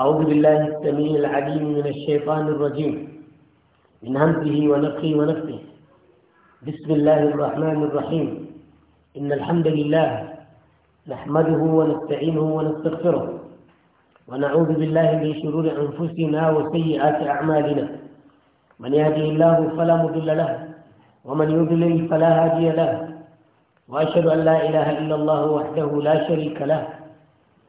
أعوذ بالله السميع العليم من الشيطان الرجيم من همسه ونفخه ونفسه بسم الله الرحمن الرحيم إن الحمد لله نحمده ونستعينه ونستغفره ونعوذ بالله من شرور أنفسنا وسيئات أعمالنا من يهده الله فلا مضل له ومن يضلل فلا هادي له وأشهد أن لا إله إلا الله وحده لا شريك له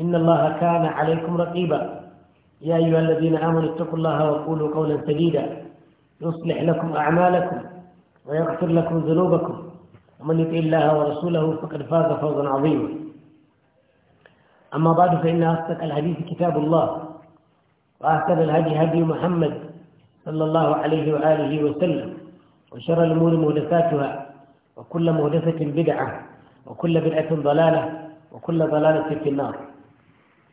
إن الله كان عليكم رقيبا يا أيها الذين آمنوا اتقوا الله وقولوا قولا سديدا يصلح لكم أعمالكم ويغفر لكم ذنوبكم ومن يطع الله ورسوله فقد فاز فوزا عظيما أما بعد فإن أصدق الحديث كتاب الله وأحسن الهدي هدي محمد صلى الله عليه وآله وسلم وشر الأمور مهدفاتها وكل مهدفة بدعة وكل بدعة ضلالة وكل ضلالة في النار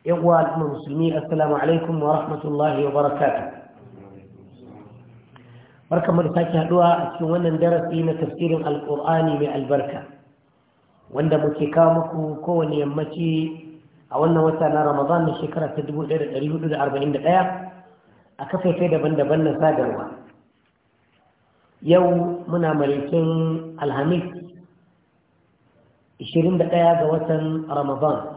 yan uwa al'ummar musulmi assalamu alaikum wa rahmatullahi wa barakatuh mu da sake haduwa a cikin wannan darasi na tafsirin alkur'ani mai albarka wanda muke kawo muku kowane yammaci a wannan wata na ramadan na shekara ta 1441 a kafafe daban-daban na sadarwa yau muna marikin alhamis 21 ga watan ramadan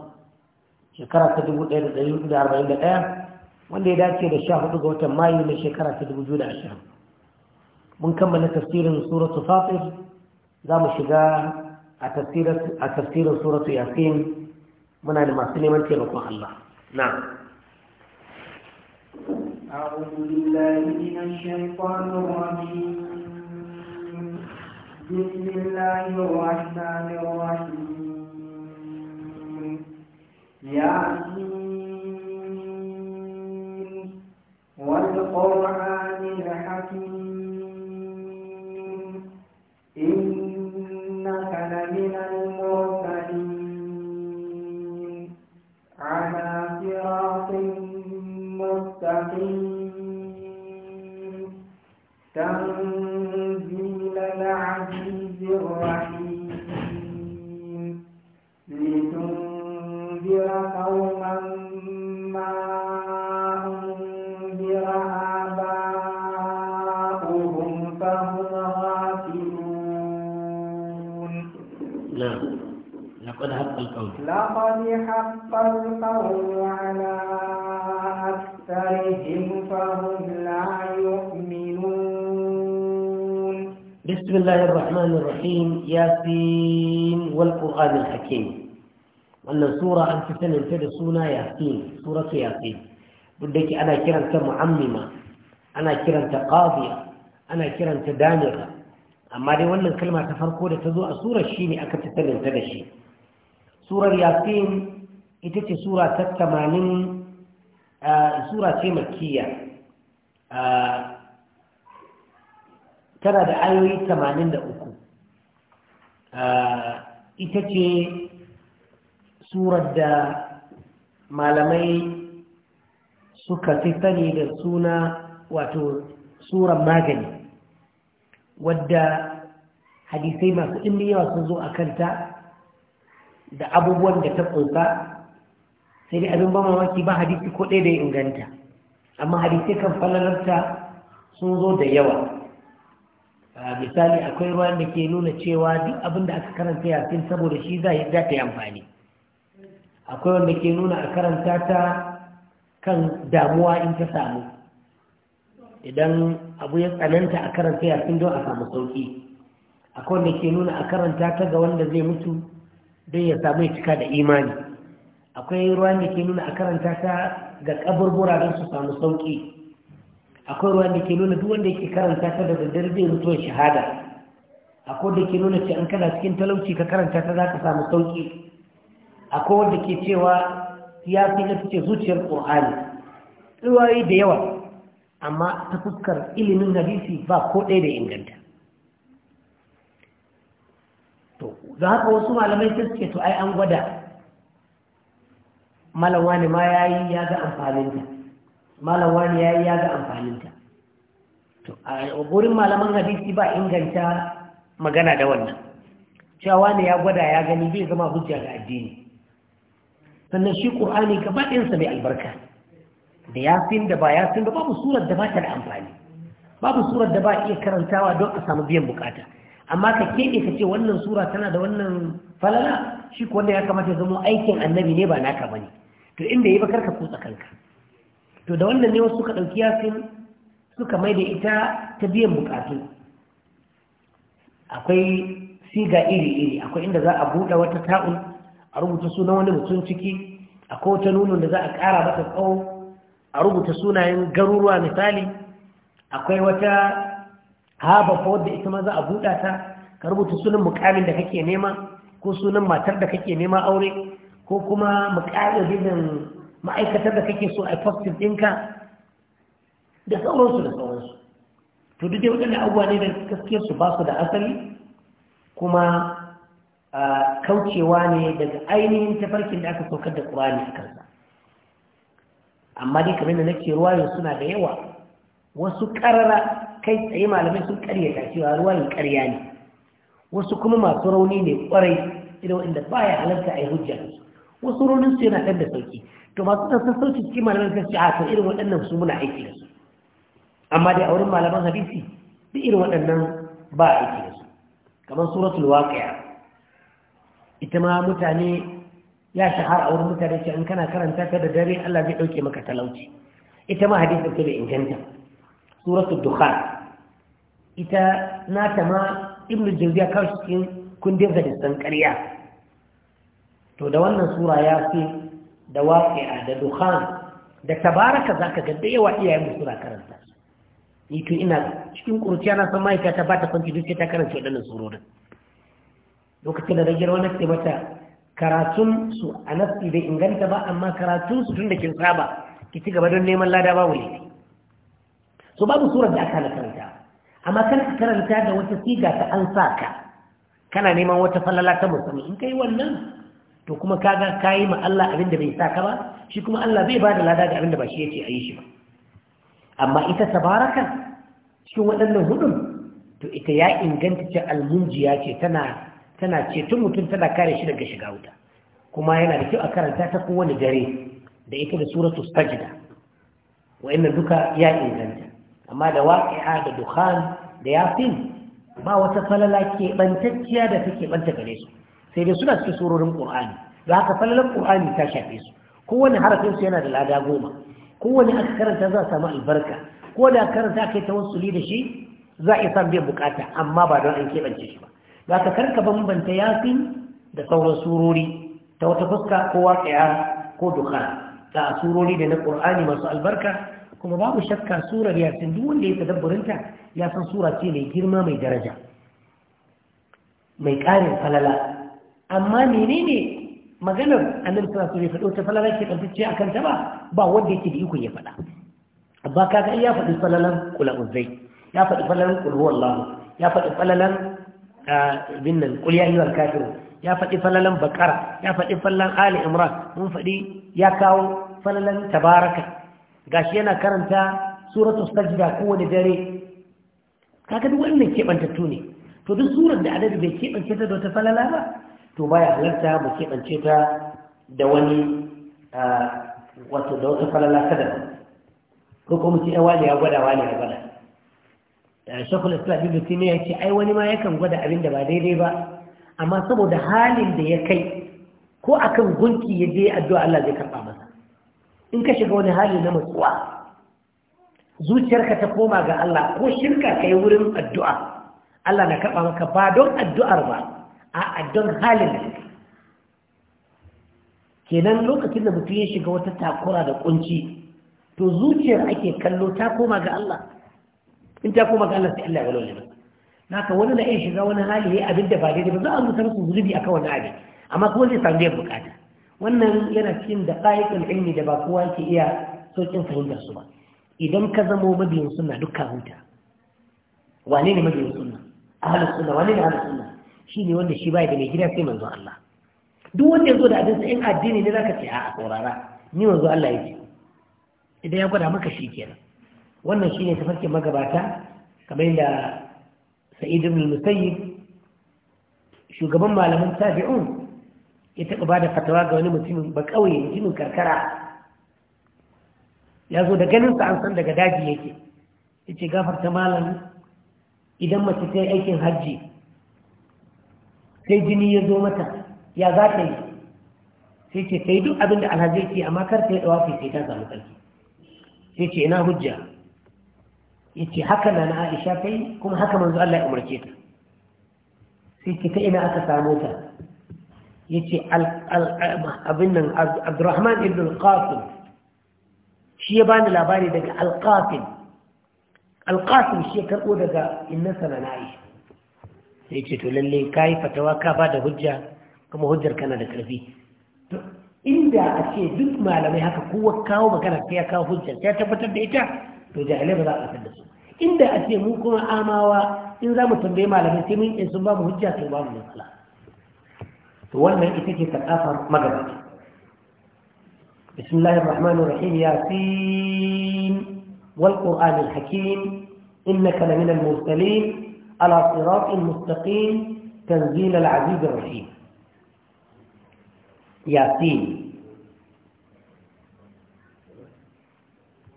shekara ta dubu ɗaya da da da ɗari arba'in ɗaya, wanda ya dace da sha 14 ga watan mayu na shekara ta dubu biyu da 2020 mun kammala tafsirin suratu fatir za mu shiga a tafsirin suratu yasin muna da masu neman taimakon Allah na أعوذ بالله من الشيطان الرجيم بسم الله الرحمن الرحيم ياسين والقرآن فقد حق القول على أكثرهم فهم لا يؤمنون بسم الله الرحمن الرحيم ياسين والقرآن الحكيم wannan sura an fi saninta da suna yasin surata yasin duk da ke ana kiranta mu'ammima ana kiranta qadiya ana kiranta damira amma dai wannan kalma ta farko da ta zo a surar shi ne aka fi saninta da shi surar yasin ita ce sura ta tamanin sura ce makiya tana da ayoyi tamanin da uku ita ce surar da malamai suka fi da suna wato surar magani wadda hadisai masu ɗimbi yawa sun zo a kanta da abubuwan da ta kunsa sai dai abin ban mamaki ba hadisi ko ɗaya da ya inganta amma hadisi kan falalarta sun zo da yawa misali akwai ruwan da ke nuna cewa duk abin da aka karanta yasin saboda shi za ta yi amfani akwai wanda ke nuna a karanta ta kan damuwa in ta samu idan abu ya tsananta a karanta yasin don a samu sauki akwai wanda ke nuna a karanta ta ga wanda zai mutu don ya samu ya cika da imani akwai ruwan da ke nuna a karanta ta ga kaburbura don su samu sauƙi akwai ruwan da ke nuna duk wanda yake karanta ta da daddare zai mutuwar shahada akwai da ke nuna ce an kana cikin talauci ka karanta ta za ka samu sauki akwai wanda ke cewa ya fi na fice zuciyar ƙur'ani ruwayi da yawa amma ta fuskar ilimin hadisi ba ko ɗaya da inganta da haka wasu malamai sun ce to ai an gwada malam wani ma ya yi ya ga amfaninta malam wani ya yi ya ga amfaninta to a gurin malaman hadisi ba inganta magana da wannan cewa wani ya gwada ya gani bai zama hujja ga addini sannan shi ƙur'ani gaba ɗinsa mai albarka da yasin da ba yasin da babu surar da ba ta da amfani babu surar da ba iya karantawa don a samu biyan bukata amma ka keɓe ka ce wannan sura tana da wannan falala shi ko wanda ya kamata ya zama aikin annabi ne ba naka ba ne, to inda ya yi ba ka kutsa kanka to da wannan ne wasu suka ɗauki yasin suka mai da ita ta biyan bukatu akwai siga iri-iri akwai inda za a buɗe wata ta'un a rubuta sunan wani mutum ciki akwai wata nunin da za a ƙara mata tsawo a rubuta sunayen garuruwa misali akwai wata haba fa wadda ita ma za a buɗa ta ka rubuta sunan mukamin da kake nema ko sunan matar da kake nema aure ko kuma mukamin ma'aikatar da kake so a fastin ɗinka da sauransu da sauransu to duk dai waɗanda abubuwa ne da gaskiyar su ba su da asali kuma kaucewa ne daga ainihin tafarkin da aka saukar da ƙurani a kansa amma dai kamar da nake ruwayo suna da yawa wasu ƙarara kai tsaye malamai sun karyata cewa ruwayin karya ne wasu kuma masu rauni ne kwarai irin wanda baya halarta a yi hujja wasu raunin su yana kan da sauki to masu ɗan sassauci cikin malamai sun shi'a ah, ta irin waɗannan su muna aiki da su amma dai a wurin malaman hadisi duk irin waɗannan ba a aiki da su kamar suratul waqi'a ita ma mutane ya shahara a wurin mutane ce in kana karanta ta da dare Allah zai ɗauke maka talauci ita ma hadisi ta bai inganta suratu dukhan ita na ta ma ibnu jawziya kawo cikin kundin hadisan ƙarya to da wannan sura ya fi da waqi'a da dukhan da tabaraka za ga da yawa iyayen mu sura karanta ni ina cikin kurciya na san mahaifiyata ta bata kwanci duk ta karanta waɗannan surorin lokacin da rage wani ke mata karatun su a nasi bai inganta ba amma karatun su tun da kin saba ki ci gaba don neman lada babu ne so babu surar da aka na karanta amma kan ka karanta da wata siga ta an sa ka kana neman wata falala ta musamman in kai wannan to kuma kaga kayi ma Allah abin da bai sa ka ba shi kuma Allah bai bada lada ga abin da ba shi a ayi shi ba amma ita tabaraka cikin waɗannan hudun to ita ya inganta ce almunjiya ce tana tana ce tun mutum tana kare shi daga shiga wuta kuma yana da kyau a karanta ta kowane dare da ita da suratul sajda wa'annan duka ya inganta amma da waƙi'a da dukhan da yafin ba wata falala keɓantacciya da take ɓanta gare su sai dai suna cikin surorin ƙur'ani da haka falalar ƙur'ani ta shafe su kowane harafin su yana da lada goma kowane aka karanta za a samu albarka ko da karanta aka yi tawassuli da shi za a iya samun biyan bukata amma ba don an keɓance shi ba za ka karka bambanta yasin da sauran surori ta wata fuska ko waƙi'a ko duka da surori da na ƙur'ani masu albarka kuma babu shakka surar yasin duk wanda ya tadabburinta ya san sura ce mai girma mai daraja mai ƙarin falala amma menene maganar annabi sallallahu alaihi wasallam ta falala ke kantacce akan ta ba ba wanda yake da iko ya faɗa Abba kaga ya faɗi falalan kula uzai ya faɗi falalan kul huwallahu ya faɗi falalan binnan kul ya ayyuhal kafirun ya faɗi falalan bakara ya faɗi falalan ali imran mun faɗi ya kawo falalan tabaraka gashi yana karanta suratul sajda kowane dare kaga duk wannan kebantattu ne to duk surar da adabi bai kebance ta da wata falala ba to baya halarta mu kebance ta da wani wato da wata falala kada ko kuma ce ya wani ya gwada wani ya gwada shakul islam ibn ya ce ai wani ma yakan gwada abin da ba daidai ba amma saboda halin da ya kai ko akan gunki ya je addu'a Allah zai karba masa in ka shiga wani hali na matsuwa zuciyarka ta koma ga Allah ko shirka kai wurin addu'a Allah na karɓa maka ba don addu'ar ba a don halin da kenan lokacin da mutum ya shiga wata takura da kunci to zuciyar ake kallo ta koma ga Allah in ta koma ga Allah sai Allah ya walwale ba ka wani na iya shiga wani hali ya abin da ba daidai ba za a rubuta masa zunubi akan wani abin amma kuma zai samu biyan bukata wannan yana cikin da ƙa'iƙin ilmi da ba kowa ke iya sauƙin fahimtar su ba idan ka zamo mabiyin suna dukkan huta wane ne mabiyin A halin suna. wane ne halin suna? Shi ne wanda shi bai da mai gida sai manzo Allah duk wanda zo da abin sa in addini ne zaka ce a saurara ni manzo Allah yake idan ya gwada maka shi kenan wannan shine tafarkin magabata kamar yadda Sa'id ibn Musayyib shugaban malaman tabi'un ya taɓa ba da fatawa ga wani mutumin ba kawai mutumin karkara ya zo da ganinsa an san daga daji yake ya ce gafarta malam idan mace ta yi aikin hajji sai jini ya zo mata ya za ta yi sai ce ta yi duk abin da alhaji ce amma kar ta yi fi sai ta samu ƙarfi sai ce ina hujja ya ce haka na na aisha ta yi kuma haka manzo Allah ya umarce ta sai ce ta ina aka samu ta yace abin nan Abdurrahman ibn al-Qasim shi ya bani labari daga al-Qasim al shi ya karbo daga innasa na Aisha sai ce to lalle kai fatawa ka ba da hujja kuma hujjar kana da karfi to inda a ce duk malamai haka kowa kawo magana sai ya kawo hujjar ya tabbatar da ita to jahilai ba za a san da su inda a ce mu kuma amawa in za mu tambaye malamai sai mun in sun ba mu hujja to ba mu matsala to wannan ita ce sakafar magabaci bismillahir rahmanir rahim yasin wal qur'anil hakim innaka laminal mursalin ala siratin mustaqim tanzil al aziz ar rahim yasin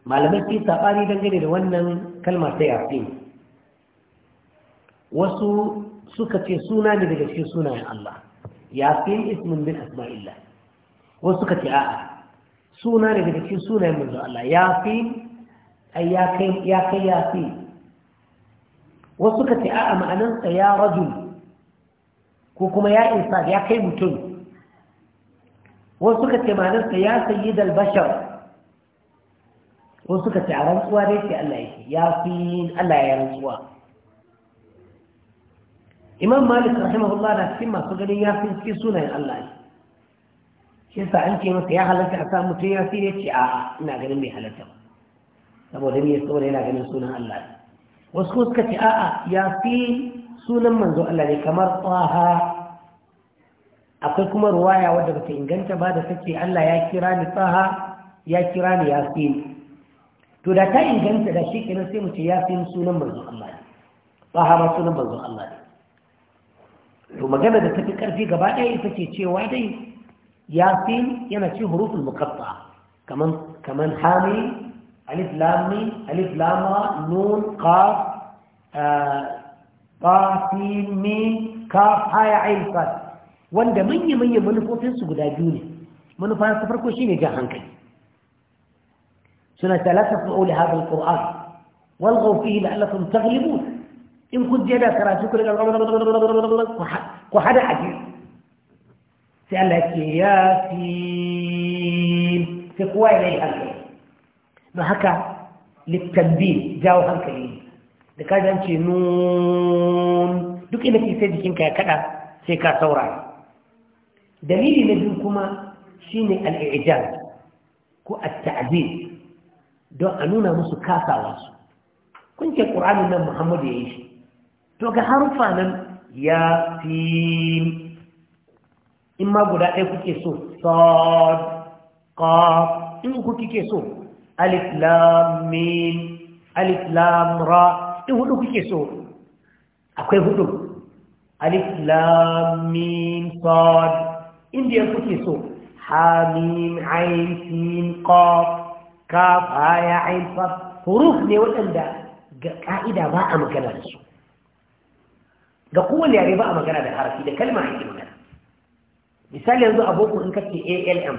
malamai sun saɓani dangane da wannan kalma ta yasin wasu suka ce suna ne daga cikin sunayen Allah yasin ismin min asma'illah wasu suka ce a'a suna ne daga cikin sunayen manzo Allah yasin ai ya kai ya kai yasin wasu suka ce a'a ma'anansa ya rajul ko kuma ya isa ya kai mutum wasu suka ce ma'anansa ya sayyidal bashar wasu suka ce a rantsuwa dai sai Allah yake yasin Allah ya rantsuwa imam malik rahimahullah na cikin masu ganin ya fi cikin sunayen allah ne shi yasa an ce masa ya halatta a samu ta yasi ne? ce a'a ina ganin bai halatta ba saboda me saboda yana ganin sunan allah ne wasu kuma suka ce a'a yasi sunan manzo allah ne kamar tsaha akwai kuma ruwaya wadda ba ta inganta ba da take Allah ya kira ni tsaha ya kira ni yasin to da ta inganta da shi kenan sai mu ce yasin sunan manzon Allah ne tsaha ma sunan manzon Allah ne to magana da tafi karfi gaba ɗaya ita ce cewa dai yasin yana cin hurufin muqatta kaman kaman hami alif lam alif lam nun qaf ta eh, sin mim kaf haya ain sad wanda manya manya manufofin su guda biyu ne manufa ta farko shine jan hankali suna talata fa'ul hadha alquran walghaw fihi la'allakum taghlibun in kun je da karatu ku daga ku hada a ji sai Allah ke ya fi sai kowa ya yi hankali don haka littambi jawo hankali da ka jance nun duk inda ke sai jikinka ya kada sai ka saura dalili na biyu kuma shine al'ijaz ko at-ta'dil don a nuna musu kasawa su kun ce qur'anin nan Muhammadu ya yi shi to ga harfa nan ya fi in ma guda ɗaya kuke so sod ka in ku kike so alif lam alif lam ra in hudu kuke so akwai hudu alif lam mim sad in da kuke so ha mim ain sin qaf kaf ya ain fa huruf ne waɗanda ga ƙa'ida ba a magana da su ga kowane yare ba a magana da harafi da kalma yi magana misali yanzu abokan boko in kace alm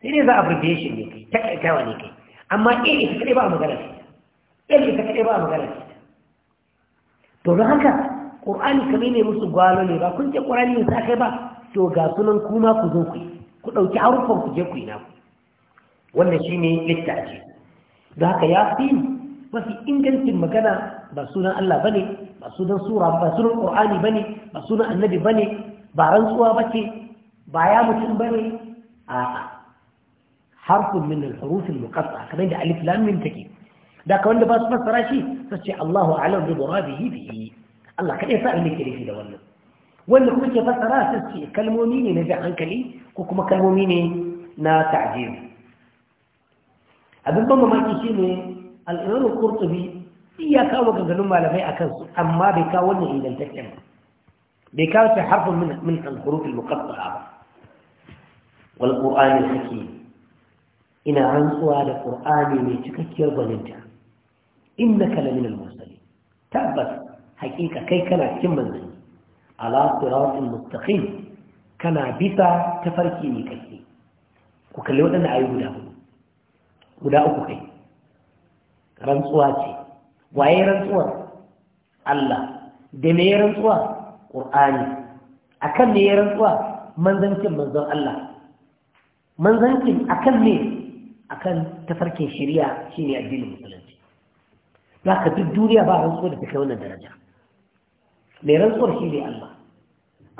sai ne za a abbreviation ne kai takaitawa ne kai amma a ita kadai ba a magana da l ita kadai ba a magana da to don haka ƙur'ani kamar ne musu gwalo ne ba kun ce ƙur'ani yin sa kai ba to ga sunan kuma ku zo ku yi ku ɗauki haruffan ku je ku yi naku wannan shi ne littafi da haka ya fi mafi ingancin magana ba sunan Allah ba ne ba sunan sura ba sunan qur'ani bane ba sunan annabi bane ba rantsuwa bace ba ya mutum bane a harfun min al-huruf al-muqatta kamar da alif lam mim take da ka wanda ba su fassara shi sace Allahu a'lam bi muradihi bihi Allah kadai sa ne ke da wannan wanda kuma ke fassara sace kalmomi ne na jin hankali ko kuma kalmomi ne na ta'jil abin ban mamaki shine al-Imam al-Qurtubi iya kawo ganganun malamai a kansu amma bai kawo wannan ingantaccen ba bai kawo shi harfin min al-hurufil muqatta'a ba wal qur'ani hakim ina rantsuwa da qur'ani mai cikakkiyar gwaninta innaka lamin al-mursalin tabbas haƙiƙa kai kana cikin manzanni ala siratin mustaqim kana bisa tafarki ne kake ku kalli waɗannan ayi guda guda uku kai rantsuwa ce waye rantsuwar Allah da me ya rantsuwa Qur'ani akan me ya rantsuwa manzancin manzon Allah manzancin akan me akan tafarkin shari'a shine addinin musulunci ka duk duniya ba rantsuwa da take wannan daraja me rantsuwar shi ne Allah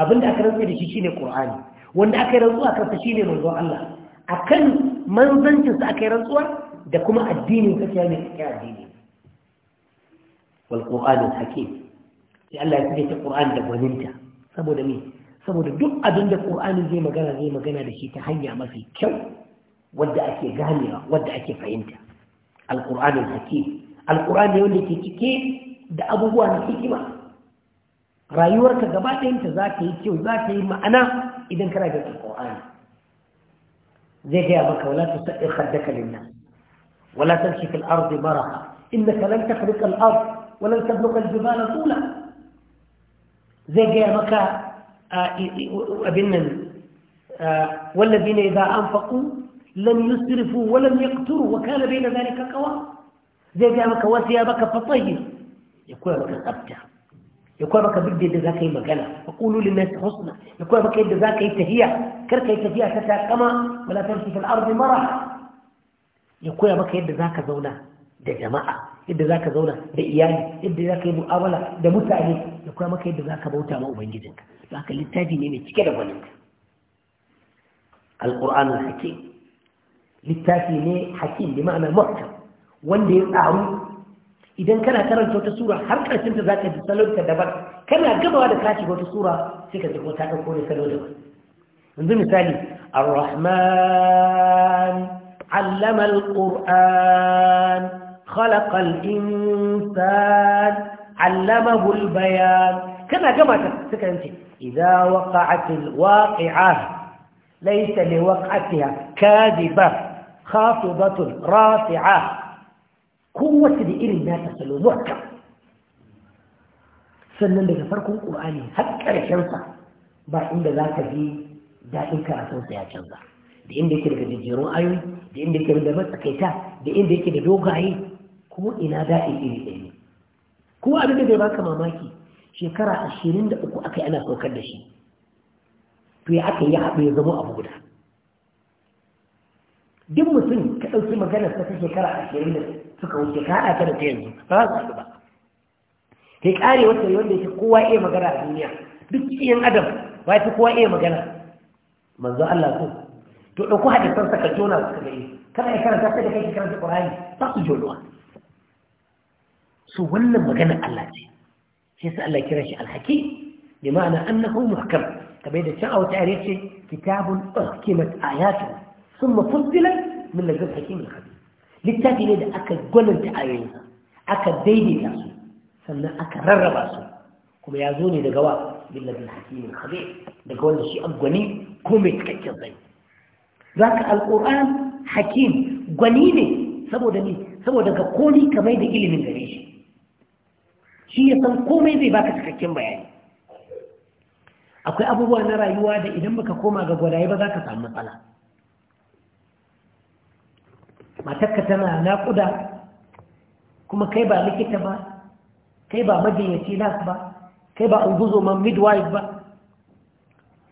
abinda aka rantsa da shi shine Qur'ani wanda aka rantsuwa ta shine manzon Allah akan manzancin sa aka rantsuwa da kuma addinin ne shine addini wal qur'anul hakim sai Allah ya kuje ta qur'an da gwaninta saboda duk abinda ƙur'ani zai magana zai magana da shi ta hanya mafi kyau wadda ake ganewa wadda ake fahimta alqur'anul hakim alqur'ani wanda ke cike da abubuwa na hikima rayuwarka gaba ɗayanta za ta yi kyau za ta yi ma'ana idan kana da alqur'ani zai gaya maka wala tusaddi khaddaka linnas wala tamshi fil ardi maraha innaka lan takhriqa al ard ولن تبلغ الجبال طولا زي جاي مكا أبنن والذين إذا أنفقوا لم يسرفوا ولم يقتروا وكان بين ذلك قوام زي جاء مكا وثيابك فطيب يكون مكا ثبتة يكون مكا بدي إذا ذاك مجانا فقولوا للناس حسنا يكون مكا إذا ذاك يتهيع كركا يتهيع كما ولا تمشي في الأرض مرحا يكون مكا إذا ذاك زونا ده جماعة yadda za ka zauna da iyali yadda za ka yi mu'amala da mutane da kuma maka yadda za ka bauta ma ubangijinka Ba ka littafi ne mai cike da gwaninka alƙur'an hakim littafi ne hakim da ma'ana mahkam wanda ya tsaru idan kana karanta wata sura har ƙarshen ta za ka ji salonta daban kana gabawa da kashi wata sura sai ka ji kuma ta ɗauko ne salo daban yanzu misali ar-rahman allama al خلق الإنسان علمه البيان كما كما تكلمت إذا وقعت الواقعة ليس لوقعتها كاذبة خافضة رافعة قوة دي إرن ناس سلوزوك sannan daga farkon ƙur'ani har ƙarshensa ba inda za ka ji daɗin karatunsa ya canza da inda yake daga jejjerun ayoyi da inda yake da matsakaita da yake da dogaye Kuma ina da'i iri ɗaya ne kuma abin da zai baka mamaki shekara ashirin da uku aka yi ana saukar da shi to ya aka yi haɗu ya zama abu guda duk mutum ka ɗauki magana ta shekara ashirin da suka wuce ka haɗa ta da ta yanzu ba za su haɗu ba yi ƙare wata yi wanda ya fi kowa iya magana a duniya duk cikin adam ba ya kowa iya magana manzo Allah ko to ɗauko hadisan ka jona suka gani kana ya karanta ta da kai karanta ƙwararri ta su jonuwa so wannan maganar Allah ce sai sa Allah kira shi alhaki bi ma'ana annahu muhkam kamar da can a wata ayar kitabun ahkimat ayatu thumma min khabir littafi ne da aka gwananta ayoyinsa aka daidaita su sannan aka rarraba su kuma ya zo ne daga wa min ladun hakimin khabir daga wanda shi an gwani ko mai cikakken zai zaka alquran hakim gwani ne saboda ni saboda ga koli kamar da ilimin gare shi shi ya san komai zai baka cikakken bayani akwai abubuwa na rayuwa da idan baka koma ga gwadaye ba za ka samu matsala matakka tana naƙuda kuma kai ba likita ba kai ba majinyaci nas ba kai ba unguzo man midwife ba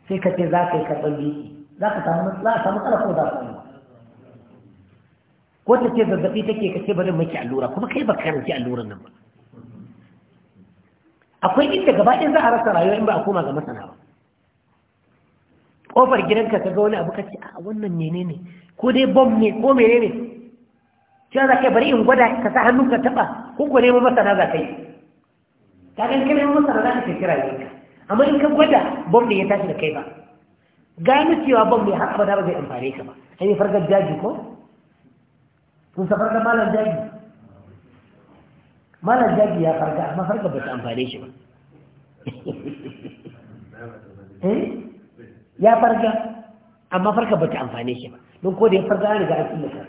sai ka ce za ka yi karɓar liki za ka samu matsala ko za ka samu ko ta ce zazzaɓi take ka ce bari maki allura kuma kai ba karanci alluran nan ba akwai inda gaba in za a rasa rayuwa in ba a koma ga masana ba ƙofar gidanka ka ga wani abu ka ce a wannan menene ko dai bom ne ko menene cewa za ka bari in gwada ka sa hannun ka taɓa ko ko neman masana za ka yi ta ɗan kai neman masana za ka ce kira yanka amma in ka gwada bom ne ya tashi da kai ba gano cewa bom ne har abada ba zai amfane ka ba an yi fargar daji ko kun safar da malam daji Mana jabi ya farka amma farka ba ta amfane shi ba eh? ya farka amma farka ba ta amfane shi ba don ko da ya farka an riga an tsallaka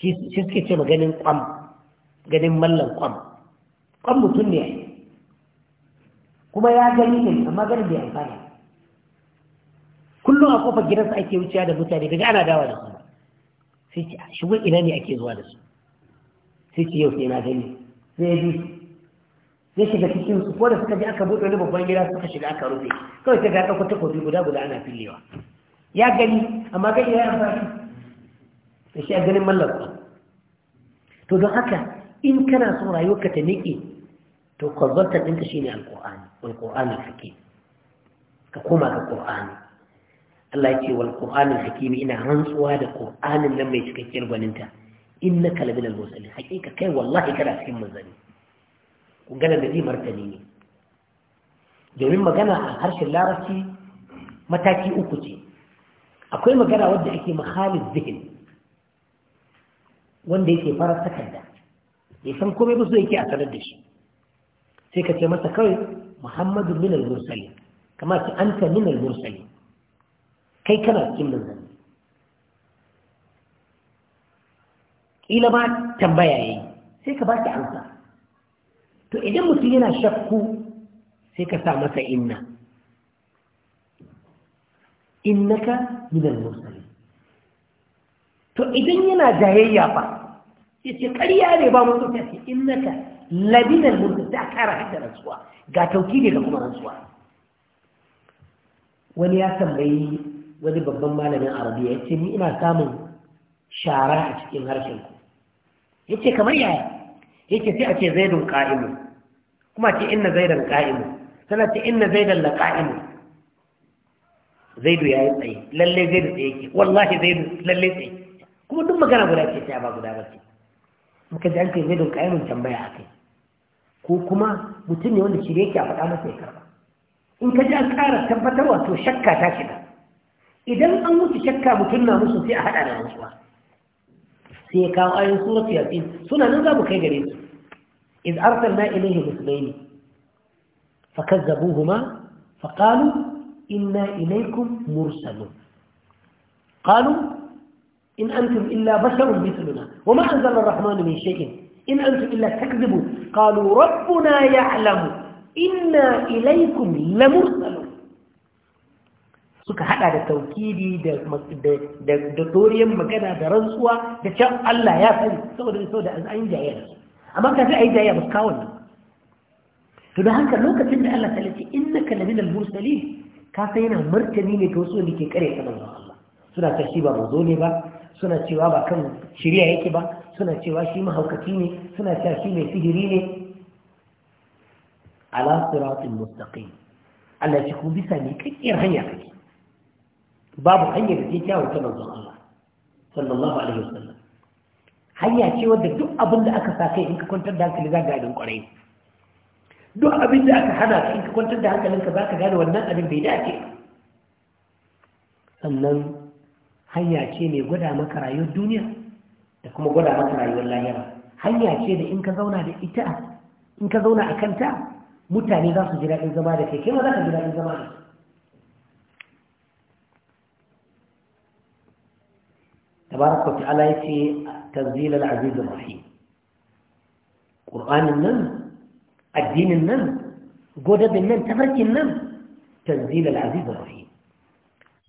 shi suke ce maganin kwam ganin mallan kwam kwam mutum ne kuma ya gani ne amma ganin bai amfana kullum a kofar gidansa ake wuciya da mutane daga ana dawa da su sai ah, shi ina ne ake zuwa da su sai yau sai na gani sai bi sai shiga cikin su ko da suka ji aka buɗe wani babban gida suka shiga aka rufe kawai sai ga ɗauko takobi guda guda ana fillewa ya gani amma kai ya amfani da shi a ganin mallaka to don haka in kana so rayuwarka ta miƙe to kwazantar ɗinka shi ne alƙur'ani walƙur'ani hakimi ka koma ga ƙur'ani Allah ya ce walƙur'ani hakimi ina rantsuwa da ƙur'anin nan mai cikakkiyar gwaninta innaka lamin al-mursalin haƙiƙa kai wallahi kana cikin manzanni kun gana da zai martani ne domin magana a harshen larabci mataki uku ce akwai magana wadda ake mahalin zihin wanda yake fara takarda ya san komai ba so yake a sanar da shi sai ka ce masa kawai muhammadu min al-mursalin kama ce anta min al-mursalin kai kana cikin manzanni ila ma tambaya yayi sai ka ba shi amsa to idan mutum yana shakku sai ka sa masa inna innaka minal mursalin to idan yana jayayya fa sai ce ƙarya ne ba mutum ta ce innaka labinal mursalin ta kara hada rantsuwa ga tauki ne da kuma rantsuwa wani ya tambayi wani babban malamin arabiya ya ce ni ina samun shara a cikin harshen ku yace kamar yaya yace sai a ce zaidun qa'imun kuma ce inna zaidan qa'imun sana ce inna zaidan la qa'imun zaidu yayi tsaye lalle zaidu tsaye yake wallahi zaidu lalle tsaye kuma duk magana guda ce ta ba guda ba ce muka ji an ce zaidun qa'imun tambaya akai ko kuma mutum ne wanda shirye yake a faɗa masa ya karba in ka ji an ƙara tabbatarwa to shakka ta shiga idan an wuce shakka mutum na musu sai a haɗa da rantsuwa sai ya kawo ayin suratu yasin suna nan za mu kai gare su iz arsalna ilaihi muslimin fa kazzabuhuma fa qalu inna ilaykum mursalun qalu in antum illa basharun mithluna wa ma anzal arrahman min shay'in in antum illa takdhibun qalu rabbuna ya'lamu inna ilaykum lamursalun suka hada da taukidi da da da toriyan magana da rantsuwa da can Allah ya sani saboda saboda an yi jayya amma ka sai ai jayya ba su kawo to da haka lokacin da Allah ta lace innaka la minal mursalin ka sai yana martani ne ga wasu da ke kare ka manzon Allah suna ta shi ba mazo ne ba suna cewa ba kan shirya yake ba suna cewa shi mahaukaci ne suna cewa shi mai sihiri ne ala siratil mustaqim Allah shi ku bisa ne kakkiyar hanya kake babu hanyar da ke kyawun ta manzon Allah sallallahu alaihi wasallam hanya ce wadda duk abin da aka sa in ka kwantar da hankali za ka gane kwarai duk abin da aka hana in ka kwantar da hankalinka za ka gane wannan abin bai dace sannan hanya ce mai gwada maka rayuwar duniya da kuma gwada maka rayuwar lahira hanya ce da in ka zauna da ita in ka zauna a kanta mutane za su ji daɗin zama da kai kai ma za ka ji daɗin zama da su tabaraka wa ta'ala yace tanzil al-aziz rahim qur'anin nan addinin nan godabin nan tafarkin nan tanzil al-aziz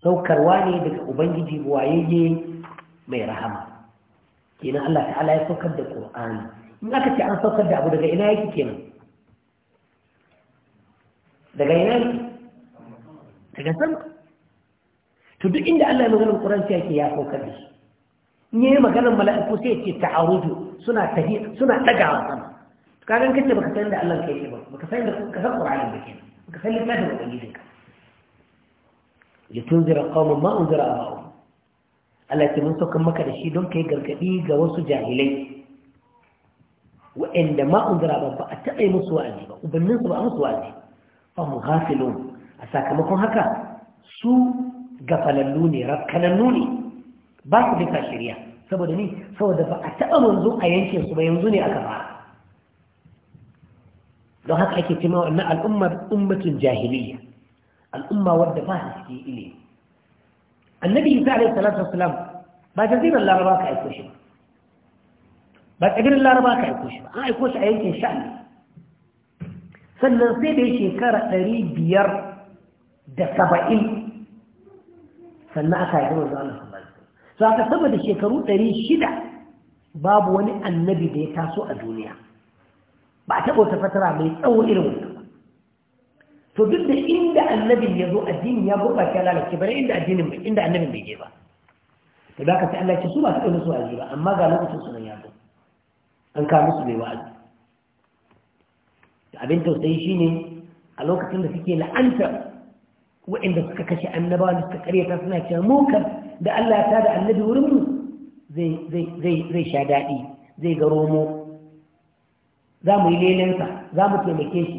saukarwa ne daga ubangiji buwayeye mai rahama kenan Allah ta'ala ya saukar da qur'ani in aka ce an saukar da abu daga ina yake kenan daga ina daga sama to duk inda Allah ya magana Qur'ani sai yake ya saukar da shi in yayi maganar mala'iku sai ce ta'arudu suna tahi suna dagawa sama ka ga kace baka san da Allah kai ba baka san da ka san Qur'ani ba kenan baka san littafin ubangijin ka litunzira qauman ma unzira aba'uhum Allah ya mun saukan maka da shi don kai gargadi ga wasu jahilai wa'anda ma unzira ba ba a taɓa musu wa'azi ba ubannin su ba a musu wa'azi fa mu a sakamakon haka su gafalallu ne rakkanannu ne ba su bisa shirya saboda ne saboda ba a taɓa manzo a yankin su ba yanzu ne aka fara don haka ake cewa wannan al'umma ummatin jahiliya al'umma wadda ba su cikin ilimi annabi isa alaihi salatu wassalam ba jazirar laraba ka aiko shi ba ba kabirin laraba ka aiko shi ba an aiko shi a yankin sha'ani sannan sai da shekara ɗari biyar da saba'in sannan aka yi manzo Allah saka sama da shekaru shida babu wani annabi da ya taso a duniya ba a taɓa fatara mai tsawo irin wata to duk da inda annabin ya zo addini ya gurɓa ta lalace bare inda addinin mai inda annabin bai je ba to da ka sai Allah ce su ba su ɗaukar su aji ba amma ga lokacin su nan ya zo an kawo musu mai wa'azi abin tausayi shine a lokacin da suke la'antar وإن تكشى النبى التكرية تصنع شموك ده الله تابع النبي ورمه زي زي زي زي شدائي زي جرومه زامو يلين أنت زامو في مكيش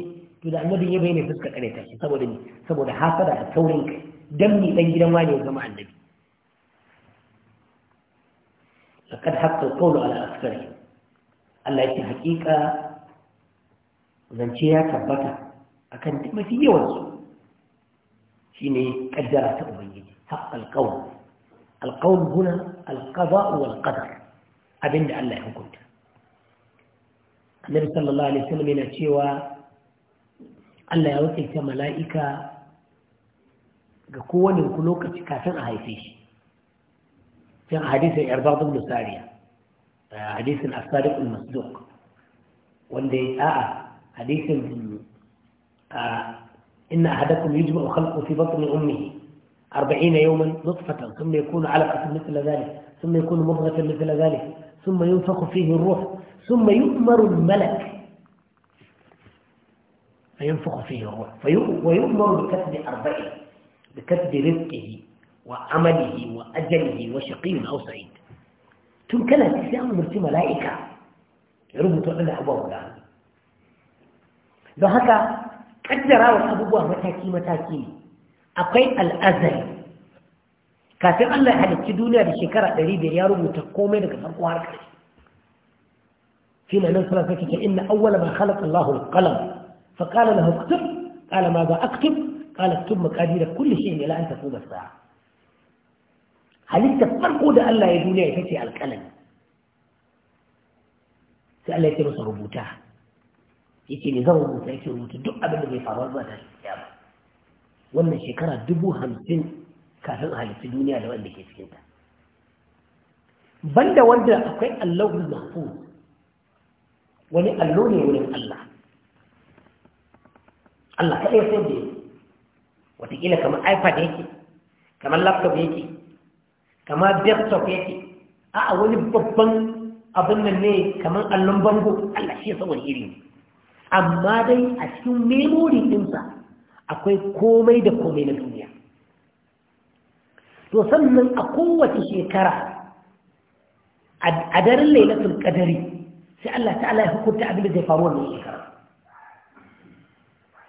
كده النبي يبين فسك كريتة سبوا دني سبوا ده حاسد على ثورينك دمني تنجرم وادي وجمع النبي لقد حط القول على أسفره الله يتحقيقا وزنشيها كبتا أكن تمثيه ورسوله shine kaddara ta ubangiji haqqal qawl al huna al qada abinda Allah ya hukunta annabi sallallahu alaihi wasallam yana cewa Allah ya wakilta mala'ika ga kowane ku lokaci kafin a haife shi can hadisin yarbabun nusariya eh, hadisin asadiqul masduq wanda ya a'a hadisin a eh, إن أحدكم يجمع خلقه في بطن أمه أربعين يوما نطفة ثم يكون علقة مثل ذلك ثم يكون مضغة مثل ذلك ثم ينفخ فيه الروح ثم يؤمر الملك فينفخ فيه الروح ويؤمر بكتب أربعين بكتب رزقه وعمله وأجله وشقي أو سعيد ثم كان الإسلام مرتي ملائكة يربط على أبوه الآن don haka kaddara wasu abubuwa mataki-mataki ne akwai al'azari kafin Allah ya halicci duniya da shekara 500 ya rubuta komai daga farko har ƙarshe shi ne nan suna sake inna awwala ma khalaqa Allahu al fa qala na aktub qala ma ba aktub qala aktub maqadir kulli shay'in ila an taquma halitta farko da Allah ya duniya ita ce alƙalami sai Allah ya ce masa rubuta Yake ne zan rubuta yake rubuta duk abin da bai faru zuwa ta ba. wannan shekara dubu hamsin kafin a halittu duniya da wanda ke cikinta banda wanda akwai allahul mahfuz wani allo ne wurin allah allah kaɗai ya sai da yake watakila kamar ipad yake kamar laptop yake kamar desktop yake a wani babban abin nan ne kamar allon bango allah shi ya saboda iri ne amma dai a cikin memori ɗinsa akwai komai da komai na duniya to sannan a kowace shekara a daren lailatul kadari sai Allah ta'ala ya hukunta abin da zai faru wannan shekara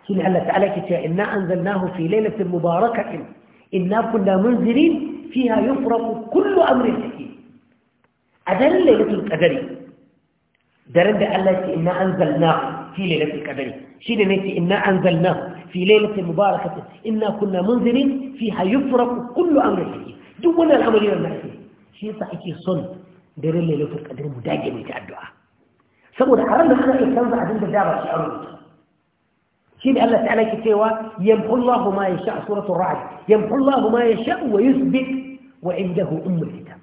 shi ne Allah ta'ala ke cewa inna anzalnahu fi lailatul mubarakatin inna kunna munzirin fiha yufraqu kullu amrin hakim a daren lailatul kadari daren da Allah ke inna anzalnahu في ليلة القدر شيء نتي إنا أنزلناه في ليلة مباركة إنا كنا منذرين فيها يفرق كل أمر حكيم دون الأمر والناس شيء صحيح صن دير ليلة القدر مداجة من الدعاء سبب حرام لنا يتنزع عند الدعوة شعور شيء الله تعالى كتوى يمحو الله ما يشاء سورة الرعد يمحو الله ما يشاء ويثبت وعنده أم الكتاب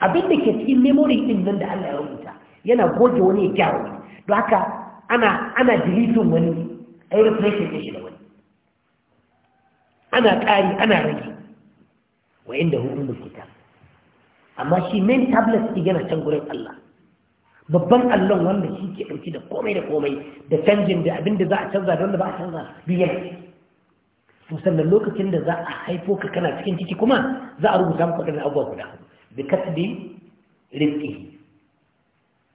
abin da ke cikin memory din nan da Allah ya rubuta yana goge wani ya gyara wani don haka ana ana dilitin wani a yi repression shi da wani ana ƙari ana rage wa inda da kitab amma shi main tablet ke gana can gurin Allah babban allon wanda shi ke ɗauki da komai da komai da canjin da abin da za a canza da wanda ba a canza biyar to sannan lokacin da za a haifo ka kana cikin ciki kuma za a rubuta maka da abubuwa guda bi kasbi rizqi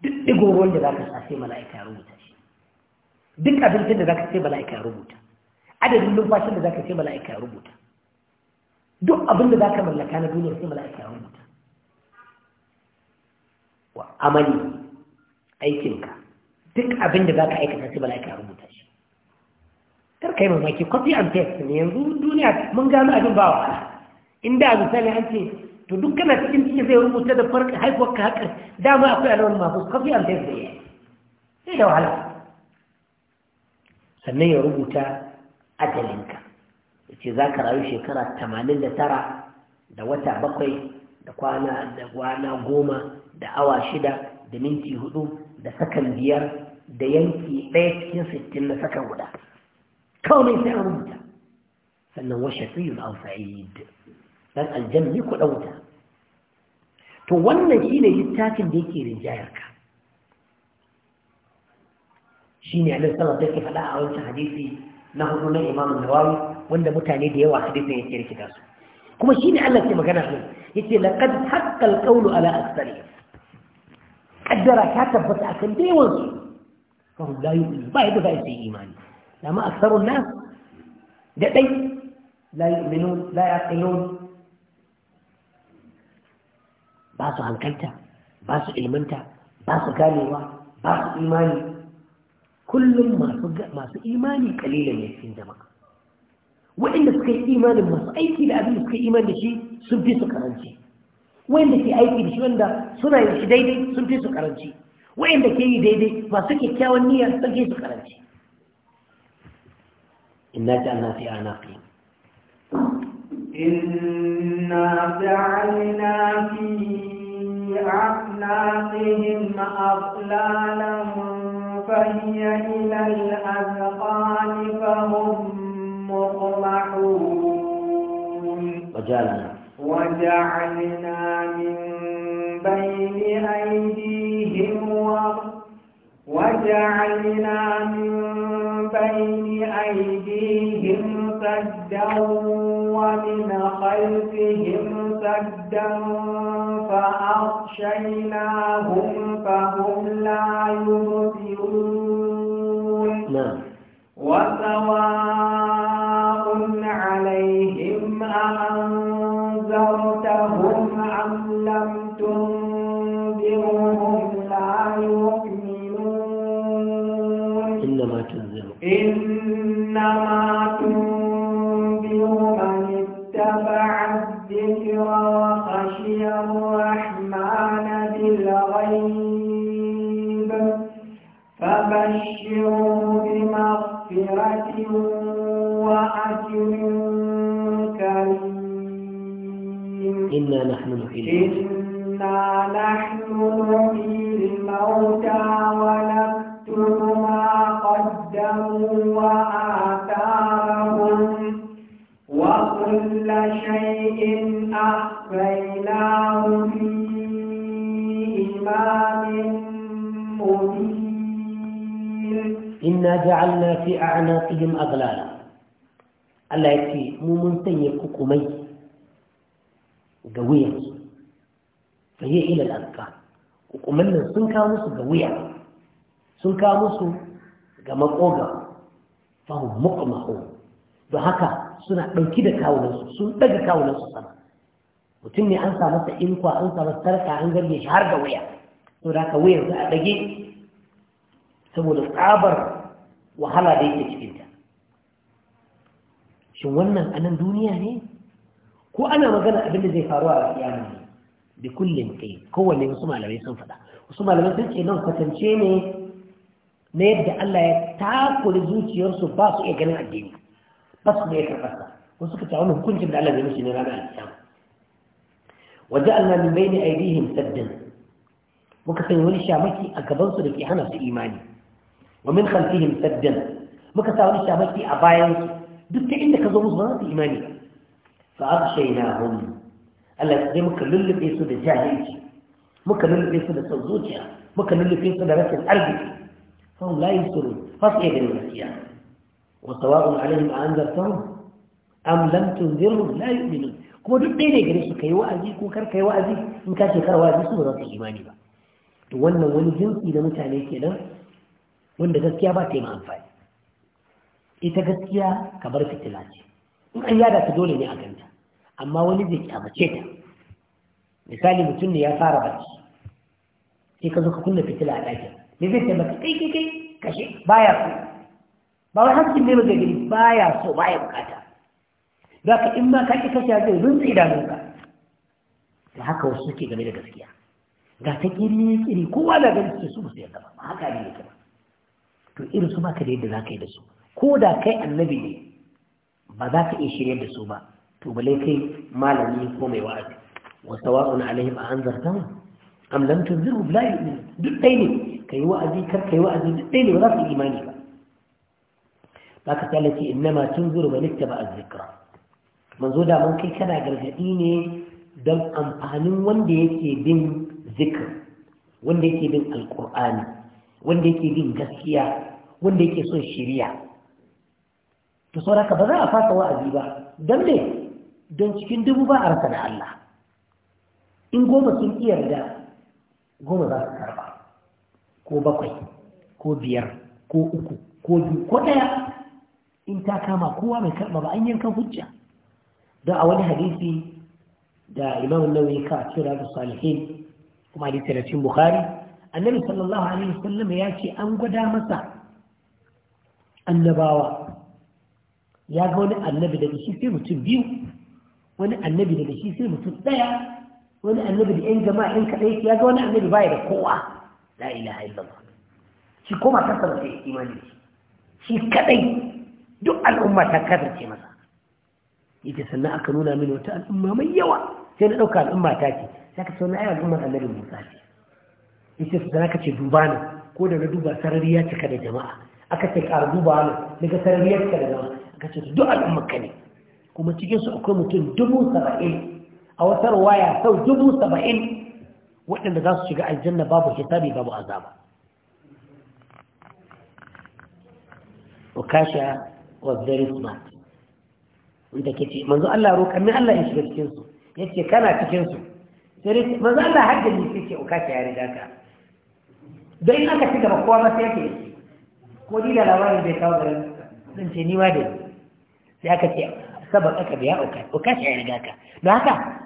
duk digo ruwan da za ka sa sai mala'ika ya rubuta duk abincin da zaka ce mala'ika ya rubuta adadin lumfashin da zaka ce mala'ika ya rubuta duk abin da zaka mallaka na duniya sai mala'ika ya rubuta wa amali aikinka duk abin da zaka aikata sai mala'ika ya rubuta shi kar kai mamaki copy and paste ne yanzu duniya mun gano abin ba wahala inda misali an ce to duk kana cikin cikin zai rubuta da farka haifuwar ka haka dama akwai alawar mafi kafi an sai sai da wahala sannan ya rubuta ajalinka ya ce za ka rayu shekara tamanin da tara da wata bakwai da kwana goma da awa shida da minti hudu da sakan biyar da yanki ɗaya cikin sittin na sakan guda kawai sai an rubuta sannan wa shafiyun aw sa'id dan aljanna ku dauta to wannan ne littafin da yake rinjayar ka shine annabi sallallahu alaihi wasallam faɗa a wancan hadisi na hudu na Imam Nawawi wanda mutane da yawa hadisin yake rikita su kuma shine Allah ke magana din yace laqad haqqal qawlu ala asri qaddara ka tabbata akan dewan su fa hum la yu'minu ba yadda zai yi imani amma aktsarun nas da dai la yu'minun la yaqilun ba su hankalta ba su ilmanta ba su ganewa ba su imani kullum masu imani kalilan ne cikin jama'a waɗanda suka yi imanin masu aiki da abin da suka yi imani da shi sun fi su karanci waɗanda ke aiki da shi wanda suna yin shi daidai sun fi su karanci waɗanda ke yi daidai masu kyakkyawan niyyar sun fi su karanci inna ja'alna fi anaqi inna ja'alna fi a'naqihim aghlalan فهي إلى الأذقان فهم مطمحون وجعلنا وجعلنا من بين أيديهم وجعلنا من بين أيديهم سدا ومن خلفهم سدا فأغشيناهم فهم لا يبصرون وسواء sun kawo musu ga makoga fahim muqmahu don haka suna ɗauki da kawunansu sun ɗaga kawunansu sama mutum ne an sa masa inkwa an sa masa an garge shi har da waya sau da haka wayar za a ɗage saboda tsabar wahala da yake cikinta shin wannan anan duniya ne ko ana magana abin da zai faru a kiyama ne bi kullin kai kowanne wasu malamai sun faɗa wasu malamai sun ce nan kwatance ne na yadda Allah ya takuri zuciyarsu ba su iya ganin addini ba su ne ya karɓarsa wasu suka ta wani hukuncin da Allah zai mishi ne ranar alkiyama waje Allah min bai ne aidihim saddin muka sanya wani shamaki a gabansu da ke hana su imani wa min khalfihim saddin muka sa wani shamaki a bayansu duk ta inda ka zo musu ba za su imani fa aghshaynahum Allah sai muka lullube su da jahilci muka lullube su da son zuciya muka lullube su da rashin arziki فهم لا يبصرون فصل يدرون القيامة وسواء عليهم أأنذرتهم أم لم تنذرهم لا يؤمنون kuma duk ɗaya ne gare su kai wa'azi ko kar ka yi wa'azi in ka ce kar wa'azi su ba za su imani ba to wannan wani jinsi na mutane ke nan wanda gaskiya ba ta yi amfani ita gaskiya kamar fitila ce in an yada ta dole ne a ganta amma wani zai kyamace ta misali mutum ne ya fara bacci sai ka zo ka kunna fitila a ɗakin me zai taimaki kai kai kai kashe baya so ba wai ne ba gari baya so baya bukata za ka in ma ka ki kashe zai runtse idanunka da haka wasu suke game da gaskiya ga ta kiri kiri kowa da gani suke su su ba haka ne yake ba to irin su baka da yadda za ka yi da su ko da kai annabi ne ba za ka iya shiryar da su ba to bale kai malami ko mai wa'azi wa sawa'un alaihim a anzartahum am lam tunziru la duk dai ne kai wa'azi kar kai wa'azi duk dai ne ba za su imani ba haka ta lati innama tunziru man ittaba az-zikra manzo da man kai kana gargadi ne don amfanin wanda yake bin zikir wanda yake bin alqur'ani wanda yake bin gaskiya wanda yake son shiriya to sauraka ba za a fasa wa'azi ba don don cikin dubu ba a rasa da Allah in goma sun iya yarda goma za su karba ko bakwai ko biyar ko uku ko biyu ko ɗaya in ta kama kowa mai karɓa ba an yankan hujja don a wani hadisi da imam nawawi ka cira da salihin kuma hadisi da cin annabi sallallahu alaihi wasallam ya ce an gwada masa annabawa ya ga wani annabi daga shi sai mutum biyu wani annabi daga shi sai mutum ɗaya wani annabi da yan jama'a yan kaɗai ya ga wani annabi baya da kowa la ilaha illallah shi koma kansa ba sai imani shi kaɗai duk al'umma ta ce masa yake sannan aka nuna mini wata al'umma mai yawa sai na ɗauka al'umma ta ce sai ka sauna ai al'ummar annabi musa ce yace su zaka ce duba ne ko da na duba sarari ya cika da jama'a aka ce ƙara duba ne daga sarari ya cika da jama'a aka ce duk al'ummar ka ne kuma cikin su akwai mutum dubu saba'in a wata ruwaya sau dubu saba'in waɗanda za su shiga aljanna babu hisabi babu azaba ukasha was very smart wanda ke ce manzu Allah roƙa min Allah ya shiga cikinsu, ya ce kana cikinsu? su sai manzo Allah hadda ne sai ce ukasha ya riga ka dan aka ci gaba kowa masu sai yake ko ni da labarin bai kawo garin zan ce ni ma da sai aka ce sabaka aka biya Okasha ukasha ya riga ka don haka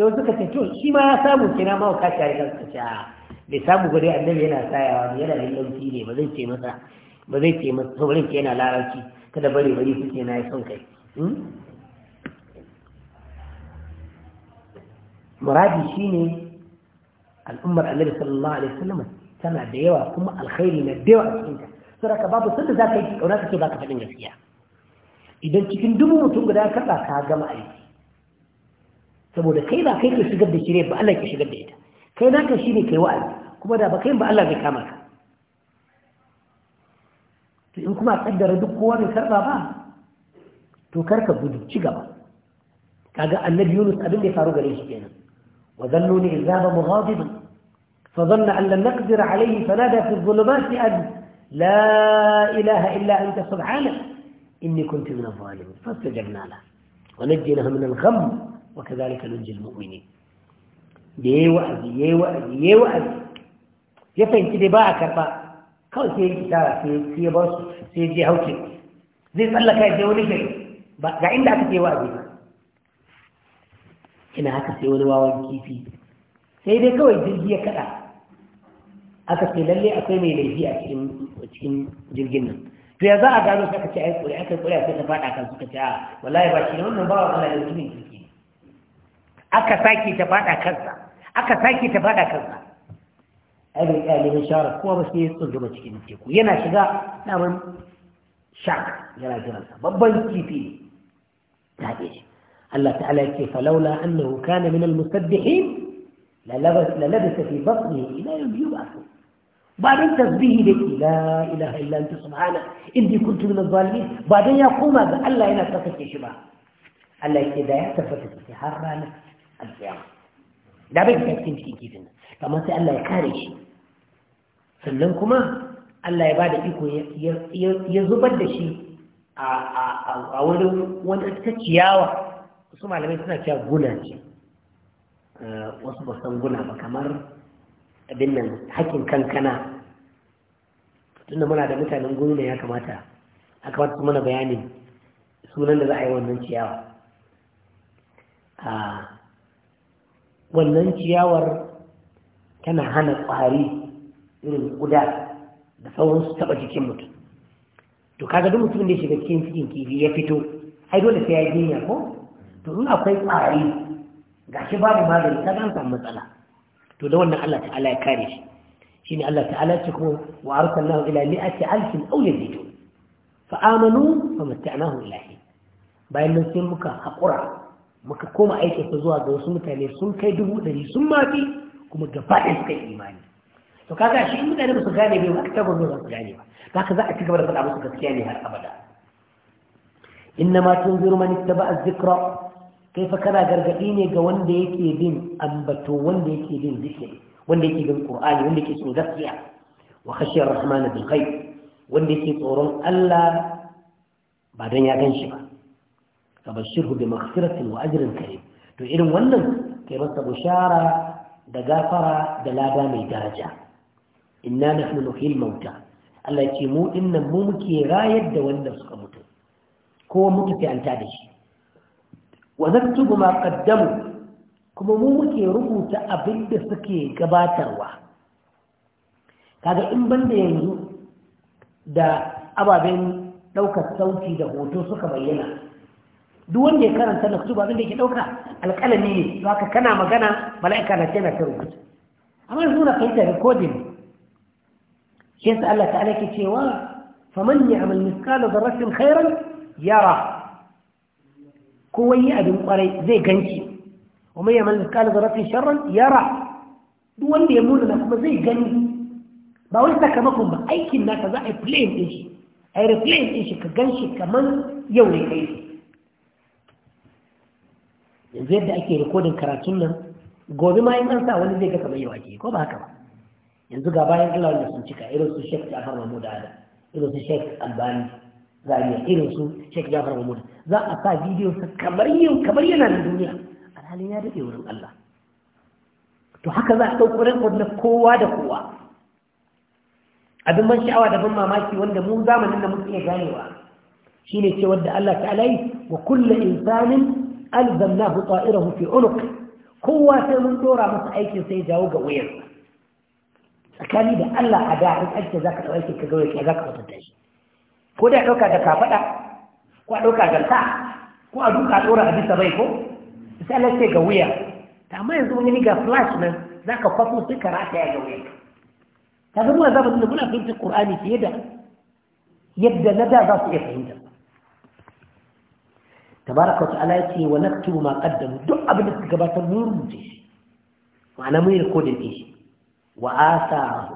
sai suka ce to shi ma ya samu kina ma ka share kan ka sha bai samu gure annabi yana sayawa yana da lauki ne ba zai ce masa ba zai ce masa saurin ke yana larabci kada bari bari ce na yi son kai hmm? muradi shi ne al'ummar annabi sallallahu alaihi wasallam tana da yawa kuma alkhairi na da yawa a cikinta ka babu sanda za ka yi kauna ce ba ka faɗin gaskiya idan cikin dubu mutum guda kaɗa ka gama aiki saboda kai ba kai ke shigar da shirye ba Allah ke shigar da ita kai da ka shine kai wa'azi kuma da ba kai ba Allah zai kama ka to in kuma kaddara duk kowa ne karba ba to karka gudu ci gaba kaga annabi Yunus abin da ya faru gare shi kenan wa zalluni izaba mughadiban fa dhanna an lan naqdir alayhi fanada fi dhulumati an la ilaha illa anta subhanaka inni kuntu min adh-dhalimin fastajabna lahu ونجيناه من الغم وكذلك ننجي المؤمنين يي وادي يي وادي يي وادي يفهم كده باع كربا كل شيء كتار في في بس في جهة وشيء زي قال لك يا جوني كده بقى عندك يي وادي هنا في سيول واو كيفي سيدة كوي جلجية كلا أكتب للي أقيمي للجية أكيم وتكين جلجنا في هذا أقعدوا سكتة عيب ولي أكتب ولي أكتب ولي أكتب سكتة والله يباشرون من بابا الله يلتمين aka sake ta fada kansa aka sake ta fada kansa aibin ɗalibin sharar kuma ba su yi tsunduma cikin teku yana shiga namun shak yana jiransa babban kifi ne ta haɗe Allah ta'ala ce, falaula annahu kana min al-musabbihin la labisa fi batnihi ila yawm yub'ath ba dan tasbihi da la ilaha illa anta subhana inni kuntu min adh-dhalimin ba dan ya koma ga Allah yana tsakake shi ba Allah ya ce da ya tabbata har ranar alfiyama da bai da cikin cikin kifin kamar sai Allah ya kare shi sannan kuma Allah ya ba da iko ya zubar da shi a wurin wani ta ciyawa su malamai suna cewa guna ce eh, wasu ba san guna ba kamar abin nan hakin kankana tunda muna da mutanen guri ne ya kamata a kamata su mana bayanin sunan da za a yi wannan ciyawa ah, wannan ciyawar tana hana ƙwari irin ƙuda da sauransu taɓa jikin mutum to kaga duk mutum da ya shiga cikin cikin kifi ya fito ai dole sai ya jinya ko to in akwai ƙwari ga shi babu magani ta san samu matsala to da wannan Allah ta'ala ya kare shi shine Allah ta'ala ce kuma wa arsalnahu ila mi'ati alfin aw yazidun fa amanu fa matta'nahu ilahi bayan nan sai muka haƙura muka koma aikinsa zuwa ga wasu mutane sun kai dubu ɗari sun mafi kuma gaba ɗaya suka yi imani to kaga shi mutane ba su gane bai ba ta gwamnati ba su gane ba kaka za a ci gaba da faɗa musu gaskiya ne har abada inna ma tunziru ta ba'a zikra. kai fa kana gargadi ne ga wanda yake bin ambato wanda yake bin zikiri wanda yake bin qur'ani wanda yake son gaskiya wa khashiyar rahman bil ghaib wanda yake tsoron Allah ba dan ya ganshi ba ka bashirhu bi maghfiratin wa ajrin karim to irin wannan kai masa bushara da gafara da lada mai daraja inna nahnu nuhyil mauta Allah ce mu dinnan mu muke rayar da wanda suka mutu ko mutu sai da shi wa naktubu ma qaddamu kuma mu muke rubuta abinda suke gabatarwa kaga in banda yanzu da ababen ɗaukar sauti da hoto suka bayyana duk wanda ya karanta na su ba abin da yake ɗauka alƙalami ne to haka kana magana mala'ika na ce na ta rubuta amma yanzu na fahimta recording shi sa Allah ta'ala ke cewa faman ya'mal da rashin khairan yara Ko wani abin kwarai zai ganci wa mai ya'mal da rashin sharran yara duk wanda ya muna kuma zai gani ba wani sakamakon ba aikin naka za a yi plane ɗin shi a yi reflame ɗin shi ka gan shi kamar yau ne kai yanzu yadda ake rikodin karatun nan gobe ma in an sa wani zai ga kamar yawa ake ko ba haka ba yanzu ga bayan Allah wanda sun cika irin su Sheikh Jafar Mahmud Adam irin su Sheikh Albani Zaria irin su Sheikh Jafar Mahmud za a sa bidiyo kamar yau kamar yana da duniya alhalin ya dade wurin Allah to haka za a ɗauko rekod na kowa da kowa abin man sha'awa da ban mamaki wanda mu zamanin da muke ganewa shine ce wadda Allah ta alai wa kullu insanin alzamnahu ta'irahu fi unuq kowa sai mun dora masa aikin sai jawo ga wayar tsakani da Allah a da in ake zaka da aiki ka ga wayar zaka mutunta shi ko da dauka da kafada ko a dauka ta, ko a duka dora a bisa bai ko sai Allah sai ga wayar amma yanzu mun yi ga flash nan zaka kwaso sai karata ya ga wayar kaga mu zaba da muna fahimtar Qur'ani fiye da yadda na da za su iya fahimta tabaraka wa ta'ala yace wa naktubu ma duk abin da suka gabatar mun rubuce shi ma'ana mun da ke shi wa asahu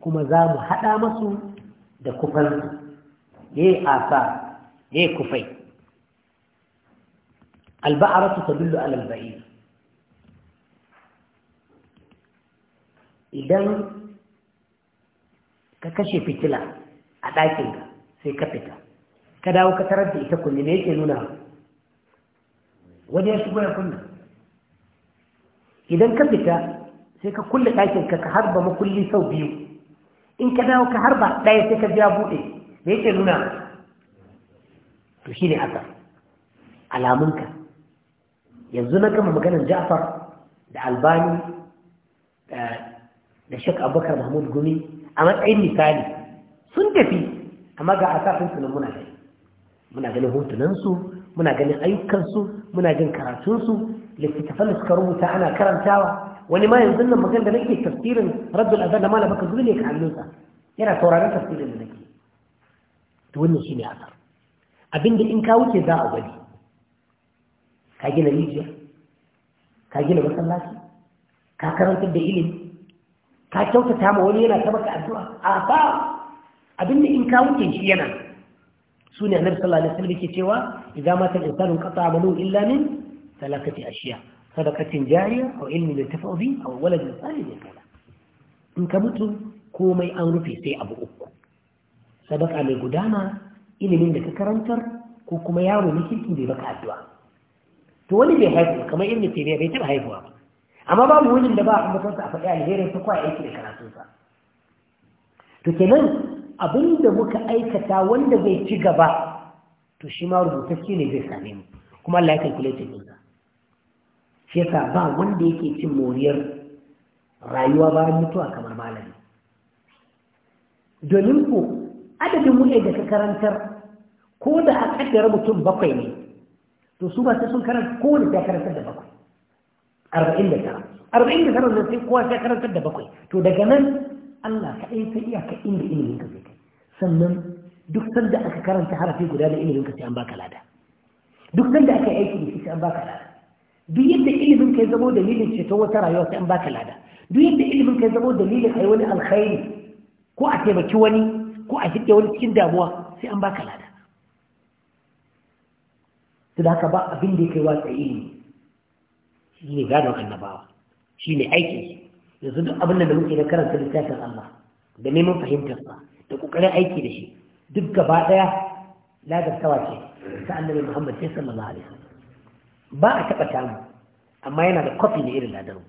kuma za mu haɗa masu da kufan ne asa yi kufai ta tadullu ala alba'ir idan ka kashe fitila a ɗakinka sai ka fita ka dawo ka tarar da ita kunne ne yake nuna wani ya shigo ya kunna idan ka fita sai ka kulle ɗakinka ka harba makulli sau biyu in ka dawo ka harba ɗaya sai ka biya buɗe da yake nuna to shi ne asar. alamunka yanzu na gama maganar jafar da albani da shek abubakar mahmud gumi a matsayin misali sun tafi amma ga asafinsu nan muna gani muna ganin hotunansu muna ganin ayyukansu muna jin karatunsu littattafan da suka rubuta ana karantawa wani ma yanzu nan magan da nake tafsirin rabbul azan da ma baka zuwa ne ka hannunsa yana sauraron tafsirin da nake to wannan shine asar abinda in ka wuce za a gwani ka gina rijiya ka gina masallaci ka karantar da ilimi ka kyautata ma wani yana ta maka addu'a a ba abinda in ka wuce shi yana su ne annabi sallallahu alaihi wasallam yake cewa idan mata al-insanu qata amalu illa min talakati ashiya sadaqatin jariya aw ilmin yuntafa'u bi aw waladin salih kala in ka mutu komai an rufe sai abu uku sadaka mai gudana ilimin da ka karantar ko kuma yaro na kirkin bai baka addu'a to wani bai haihu kamar irin tabiya bai taba haihuwa ba amma babu wani da ba a mutunta a faɗi alherin ta kwa aiki da karatunsa to kenan Abin da muka aikata wanda zai ci gaba to shi ma rubutacce ne zai same mu kuma Allah ya kalkulata din sa shi yasa ba wanda yake cin moriyar rayuwa bayan mutuwa kamar malami domin ku, adadin mu da ka karantar ko da a kaddara mutum bakwai ne to su ba sai sun karanta ko da ta karantar da bakwai arba'in da tara arba'in da tara sai kowa ta karantar da bakwai to daga nan Allah ka kaɗai sai iyaka inda ilimin ka zai kai sannan duk sanda aka karanta harafi guda da ilimin ka sai an baka lada duk sanda aka aiki da shi sai an baka lada duk yadda ilimin ka ya zamo dalilin ceto wata rayuwa sai an baka lada duk yadda ilimin ka ya zamo dalilin a yi wani alkhairi ko a taimaki wani ko a shirya wani cikin damuwa sai an baka lada su da haka ba abin da ya kai watsa ilimi shi ne gadon annabawa shi ne aikinsu yanzu duk abin da muke da karanta littafin Allah da neman fahimtarsa da kokarin aiki da shi duk gaba daya ladartawa ce ta annabi Muhammad sai sallallahu alaihi ba a taba tamu amma yana da kofi ne irin ladaru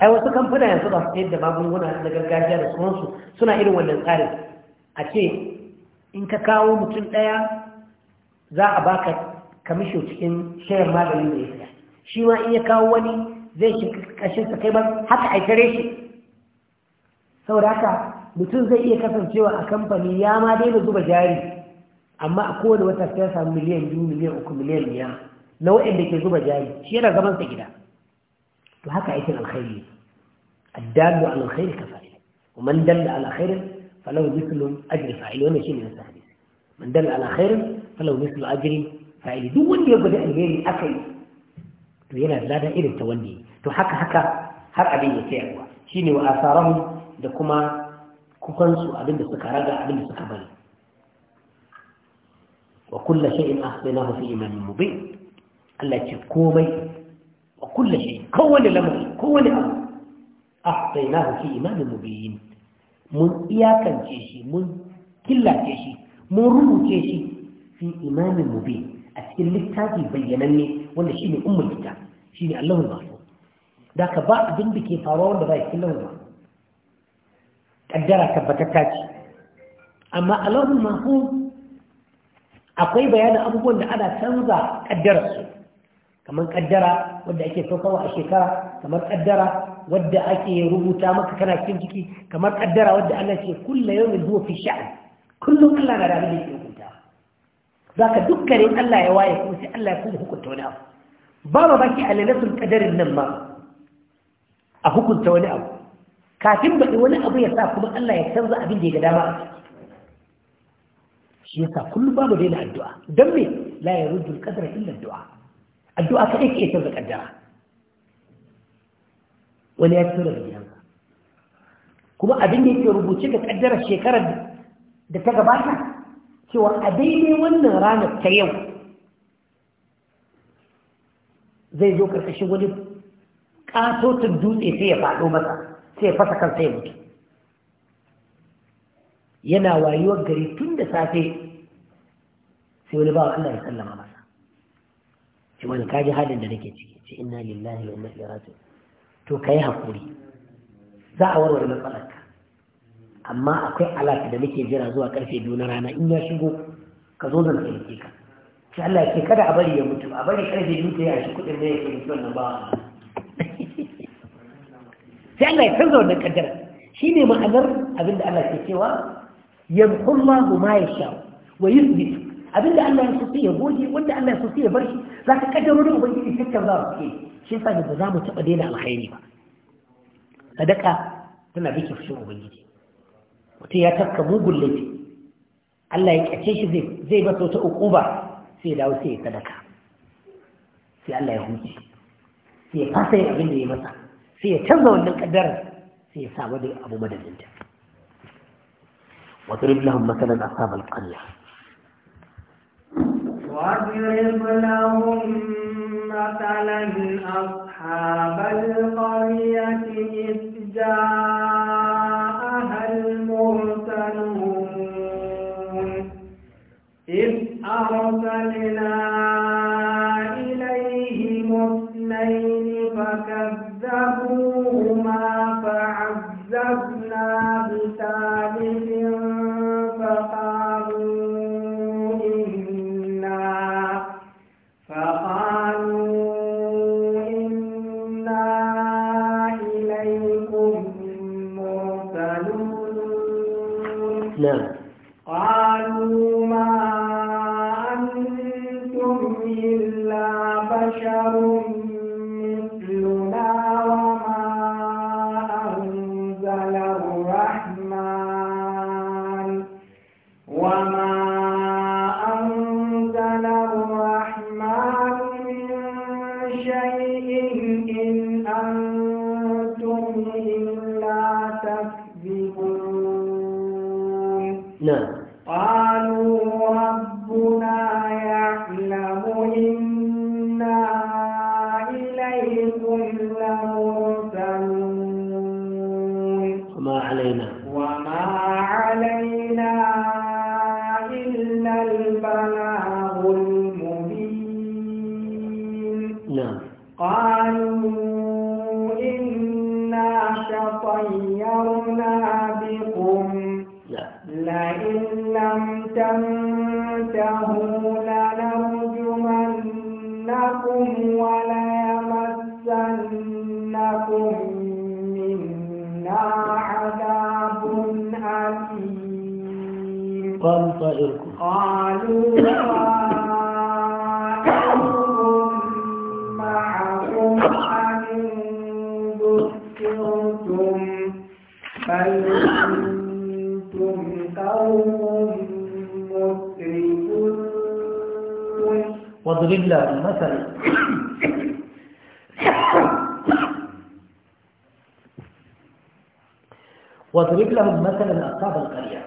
ai wasu kamfuna yanzu ba su sayar da magunguna na gargajiya da sauransu suna irin wannan tsarin a ce in ka kawo mutum daya za a baka kamisho cikin shayar maganin da ya shi ma in ya kawo wani zai shi kashinsa kai ba haka aikare shi da haka mutum zai iya kasancewa a kamfani ya ma daina zuba jari amma a kowane wata sai samu miliyan biyu miliyan uku miliyan biyar na waɗanda ke zuba jari shi yana zaman sa gida to haka aikin alkhairi addallu ala alkhairi ka fa'ila wa man dalla ala khairin falahu mithlu ajri fa'il wannan shine na hadisi man dalla ala khairin falahu mithlu ajri fa'il duk wanda ya gudu alheri akai to yana da ladan irin ta wanda to haka haka har abin ya tsayarwa shine wa asarahu da kuma kukansu abin da suka raga abin da suka bari wa kullu shay'in ahsaynahu fi imamin mubin Allah ce komai wa kullu shay kowane lamari kowane abu ahsaynahu fi imamin mubin mun iyakance shi mun killace shi mun rubuce shi fi imamin mubin a cikin littafi bayyananne wanda shine ummul kitab shi ne allahul mahfuz da ka ba abin da ke faruwa wanda a cikin lahul mahfuz Ƙaddara tabbatatta ce amma allahul akwai bayanin abubuwan da ana canza kaddararsu kamar ƙaddara wadda ake saukawa a shekara kamar ƙaddara wadda ake rubuta maka kana cikin ciki kamar ƙaddara wadda Allah ce kulla yawmin huwa fi sha'an kullum Allah na da abin da yake za ka dukkanin Allah ya waye kuma sai Allah ya kuma hukunta wani abu ba ma baki a lalatul kadarin nan ma a hukunta wani abu kafin baɗi wani abu ya sa kuma Allah ya canza abin da ya ga dama shi sa kullum ba mu daina addu'a don me la ya rudu kadara illa addu'a addu'a kaɗai ke canza kaddara wani ya fito daga gidansa kuma abin da yake rubuce da kaddarar shekarar da ta gabata cewa a daidai wannan ranar ta yau zai zo karkashin wani katotin dutse sai ya faɗo masa sai ya fasa kansa ya mutu yana wayuwar gari tun da safe sai wani bawa Allah ya sallama masa shi wani kaji halin da nake ciki ce inna lillahi wa masu yaratu to ka yi haƙuri za a warware matsalarka amma akwai alaƙa da nake jira zuwa karfe biyu na rana in ya shigo ka zo zan tsaye ka sai Allah ke kada a bari ya mutu a bari karfe biyu ta yi a shi kuɗin da ya ke mutu wannan ba sai Allah ya canza wannan kaddara shi ne ma'anar abin da Allah ke cewa yamhullahu ma yasha wa yuthbit abin da Allah ya so sai ya goge wanda Allah ya so sai ya bar shi za ka kaddaro da ubangiji shakkan za su ke shi yasa ba za mu taɓa daina alkhairi ba sadaka tana bi fushin ubangiji mutum ya tafka mugun laifi Allah ya kyace shi zai zai masa wata ukuba sai dawo sai ya sadaka sai Allah ya huce sai ya fasa abin da ya masa sai ya canza wannan kaddara sai ya samu da abu madadinta wa zurib kalla. masalan ashab al qarya wa zurib lahum masalan ashab al qaryati isja أرسلنا No. Ah, lahum masalan ashabal qarya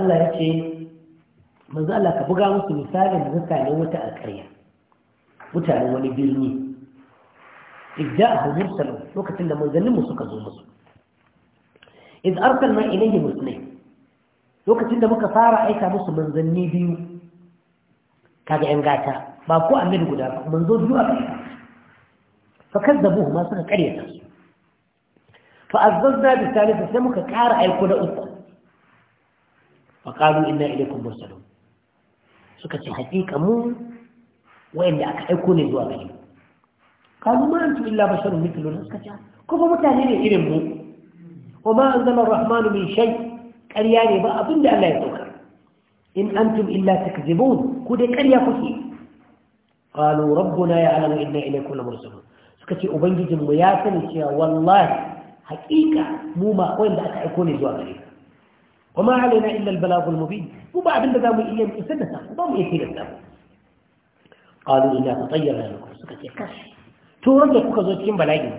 Allah ya ce manzo Allah ka buga musu misalin mutanen wata alƙarya mutanen wani birni idda mursalun lokacin da manzanninmu suka zo musu iz arsalna ilayhi musnay lokacin da muka fara aika musu manzanni biyu kaga yan gata ba ko annabi guda ba manzo biyu a kai fa kazzabuhu ma suka karyata su فأذذنا بالثالثة سمك كار الكل أنت فقالوا إنا إليكم مرسلون سكت حديك مو وإن أكون ذو قالوا ما أنتم إلا بشر مثلنا سكت يعني. كيف متاهلين إلى وما أنزل الرحمن من شيء كرياني بقى أظن أن لا يتوكر إن أنتم إلا تكذبون كده كريا كفي قالوا ربنا يعلم إنا إليكم مرسلون سكت أبنجد المياسة والله حقيقه مو ما وين بدك تكون زواري وما علينا الا البلاغ المبين مو بعد ما دام الايام تسدها ضم يثير الدم قالوا لا تطير يا لكم سكت يا كاش تورجت كزوتين بلاغين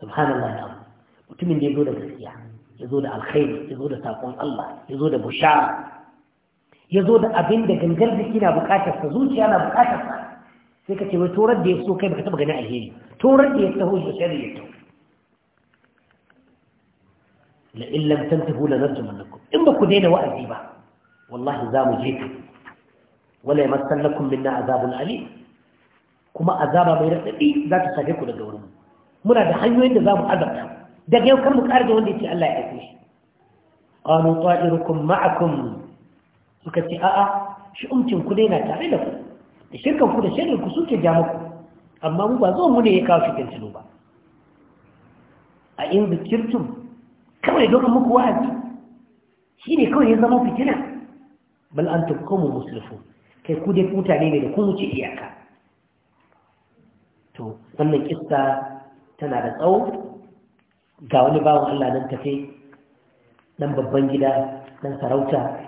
سبحان الله العظيم وتمين دي يقول الغسيا يقول الخير يقول تاقون الله يقول بشار يقول ابن دجنجل بكينا بكاشف تزوجي انا بكاشف فكتي وترد يسوع كيف تبغى نعيه ترد يستهوج بشريته لئن لم تنتهوا لنرجو منكم إما كدين وأذيبا والله زام جيكم ولا يمثل لكم منا عذاب أليم كما عذاب ما يرسل ذات سبيكو لدورهم منا دحيو إن ذام عذاب دقيو كم مكارد وندي تي الله يعطيه قالوا طائركم معكم سكتي آآ شو أمتم كدين تعالكم da shirka ku da shirkan ku suke ja muku amma mu ba zo mu ne ya kawo shirkan tuno ba a in zikirtum kawai doka muku wa'azi shi ne kawai ya zama fitina bal an tukkamu musulfu kai ku dai mutane ne da kun wuce iyaka to wannan kista tana da tsawo ga wani bawan Allah nan tafe nan babban gida nan sarauta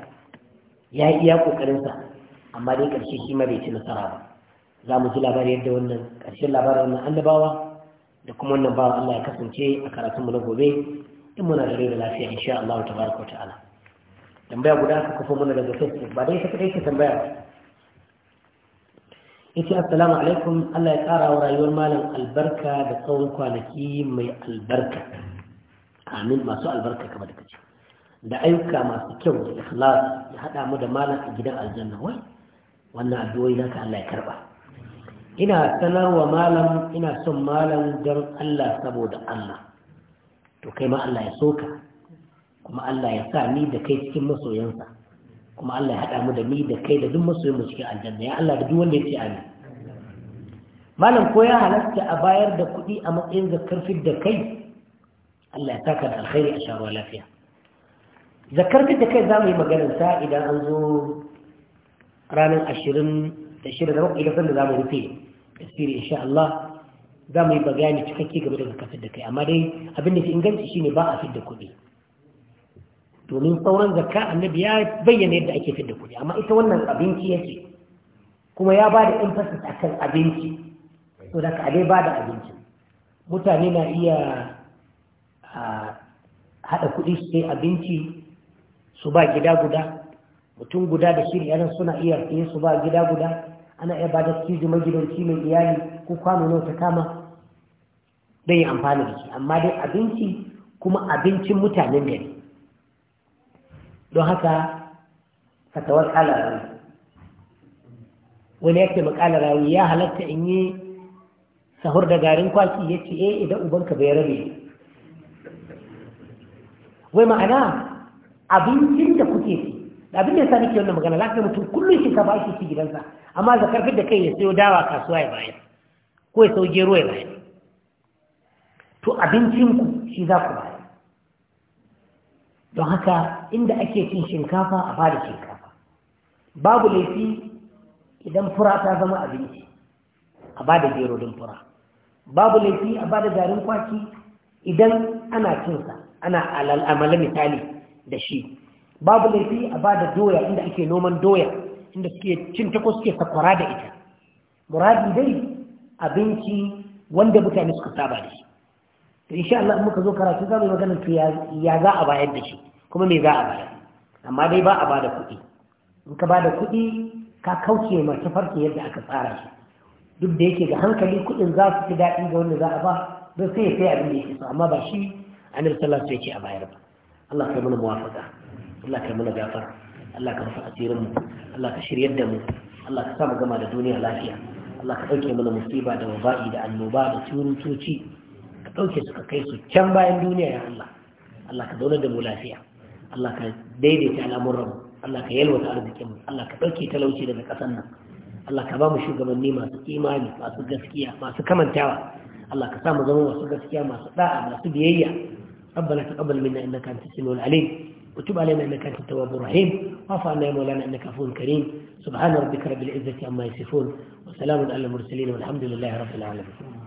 ya yi iya ƙoƙarinsa amma dai ƙarshe shi ma bai ci nasara ba za mu ji labari yadda wannan ƙarshen labarin wannan annabawa da kuma wannan bawa Allah ya kasance a karatunmu na gobe in muna da rai da lafiya insha Allah ta baraka ta'ala tambaya guda aka kafa mana daga Facebook ba dai ta kadai tambaya ba yace assalamu alaikum Allah ya ƙara wa rayuwar malam albarka da tsawon kwanaki mai albarka amin masu albarka kamar da kace da ayyuka masu kyau da ikhlas ya haɗa mu da malam a gidan aljanna wai wannan addu'o'i naka Allah ya karba ina sanar wa malam ina son malam don Allah saboda Allah to kai ma Allah ya soka kuma Allah ya sa ni da kai cikin masoyansa kuma Allah ya haɗa mu da ni da kai da duk masoyan mu cikin aljanna ya Allah da duk wanda ya ce amin malam ko ya halatta a bayar da kuɗi a matsayin zakar da kai Allah ya saka da alkhairi a sharuwa lafiya zakar da kai za mu yi maganarsa idan an zo ranar ashirin da shida da bakwai da za mu rufe tasiri insha Allah za mu yi bagani cikakke game da zakafin da kai amma dai abin da ke inganci shine ba a fidda kuɗi domin sauran zakka annabi ya bayyana yadda ake fidda kuɗi amma ita wannan abinci yake kuma ya ba da emphasis akan abinci to da ka dai ba da abinci mutane na iya ah, haɗa kuɗi su abinci su ba gida guda mutum guda da shiri yaran suna iya yin su ba gida guda ana iya ba da cizo magidanci mai iyali ko kwano nawa ta kama don yi amfani da shi amma dai abinci kuma abincin mutanen gari don haka fatawar kalarawi wani ya makalarawi ya halatta in yi sahur da garin kwaki ya ce eh idan ubanka bai rabe wai ma'ana abincin da kuke da abin da ya sa nake wannan magana lafiya ka mutum kullum shi ka ba shi ci gidansa amma da karfi da kai ya sayo dawa kasuwa ya bayar ko ya sau gero ya bayar to abincin ku shi za ku bayar don haka inda ake cin shinkafa a bada shinkafa babu laifi idan fura ta zama abinci a bada gero din fura babu laifi a bada garin kwaki idan ana cinsa ana alal'amala misali da shi babu laifi a ba da doya inda ake noman doya inda suke cin takwas suke sakwara da ita muradi dai abinci wanda mutane suka saba da shi to insha Allah in muka zo karatu za mu magana ya za a bayar da shi kuma me za a bayar amma dai ba a bada kuɗi in ka bada kuɗi ka kauce ma tafarki yadda aka tsara shi duk da yake ga hankali kuɗin za su fi daɗi ga wanda za a ba don sai ya sai abin da yake so amma ba shi annabi sallallahu alaihi wasallam ya ce a bayar ba Allah kai mana muwafaqa Allah ka mana gafara Allah ka rufe asirin mu Allah ka shiryar da mu Allah ka sa mu gama da duniya lafiya Allah ka dauke mana musiba da waba'i da annoba da turutoci ka dauke su ka kai su can bayan duniya ya Allah Allah ka zauna da mu lafiya Allah ka daidaita al'amuran mu Allah ka yalwata arzikin mu Allah ka dauke talauci daga ƙasar nan Allah ka ba mu shugabanni masu imani masu gaskiya masu kamantawa Allah ka sa mu zama masu gaskiya masu da'a masu biyayya ربنا تقبل منا انك انت السميع العليم وتب علينا إنك أنت التواب الرحيم وعفو عنا يا مولانا إنك عفو كريم سبحان ربك رب العزة عما يصفون وسلام على المرسلين والحمد لله رب العالمين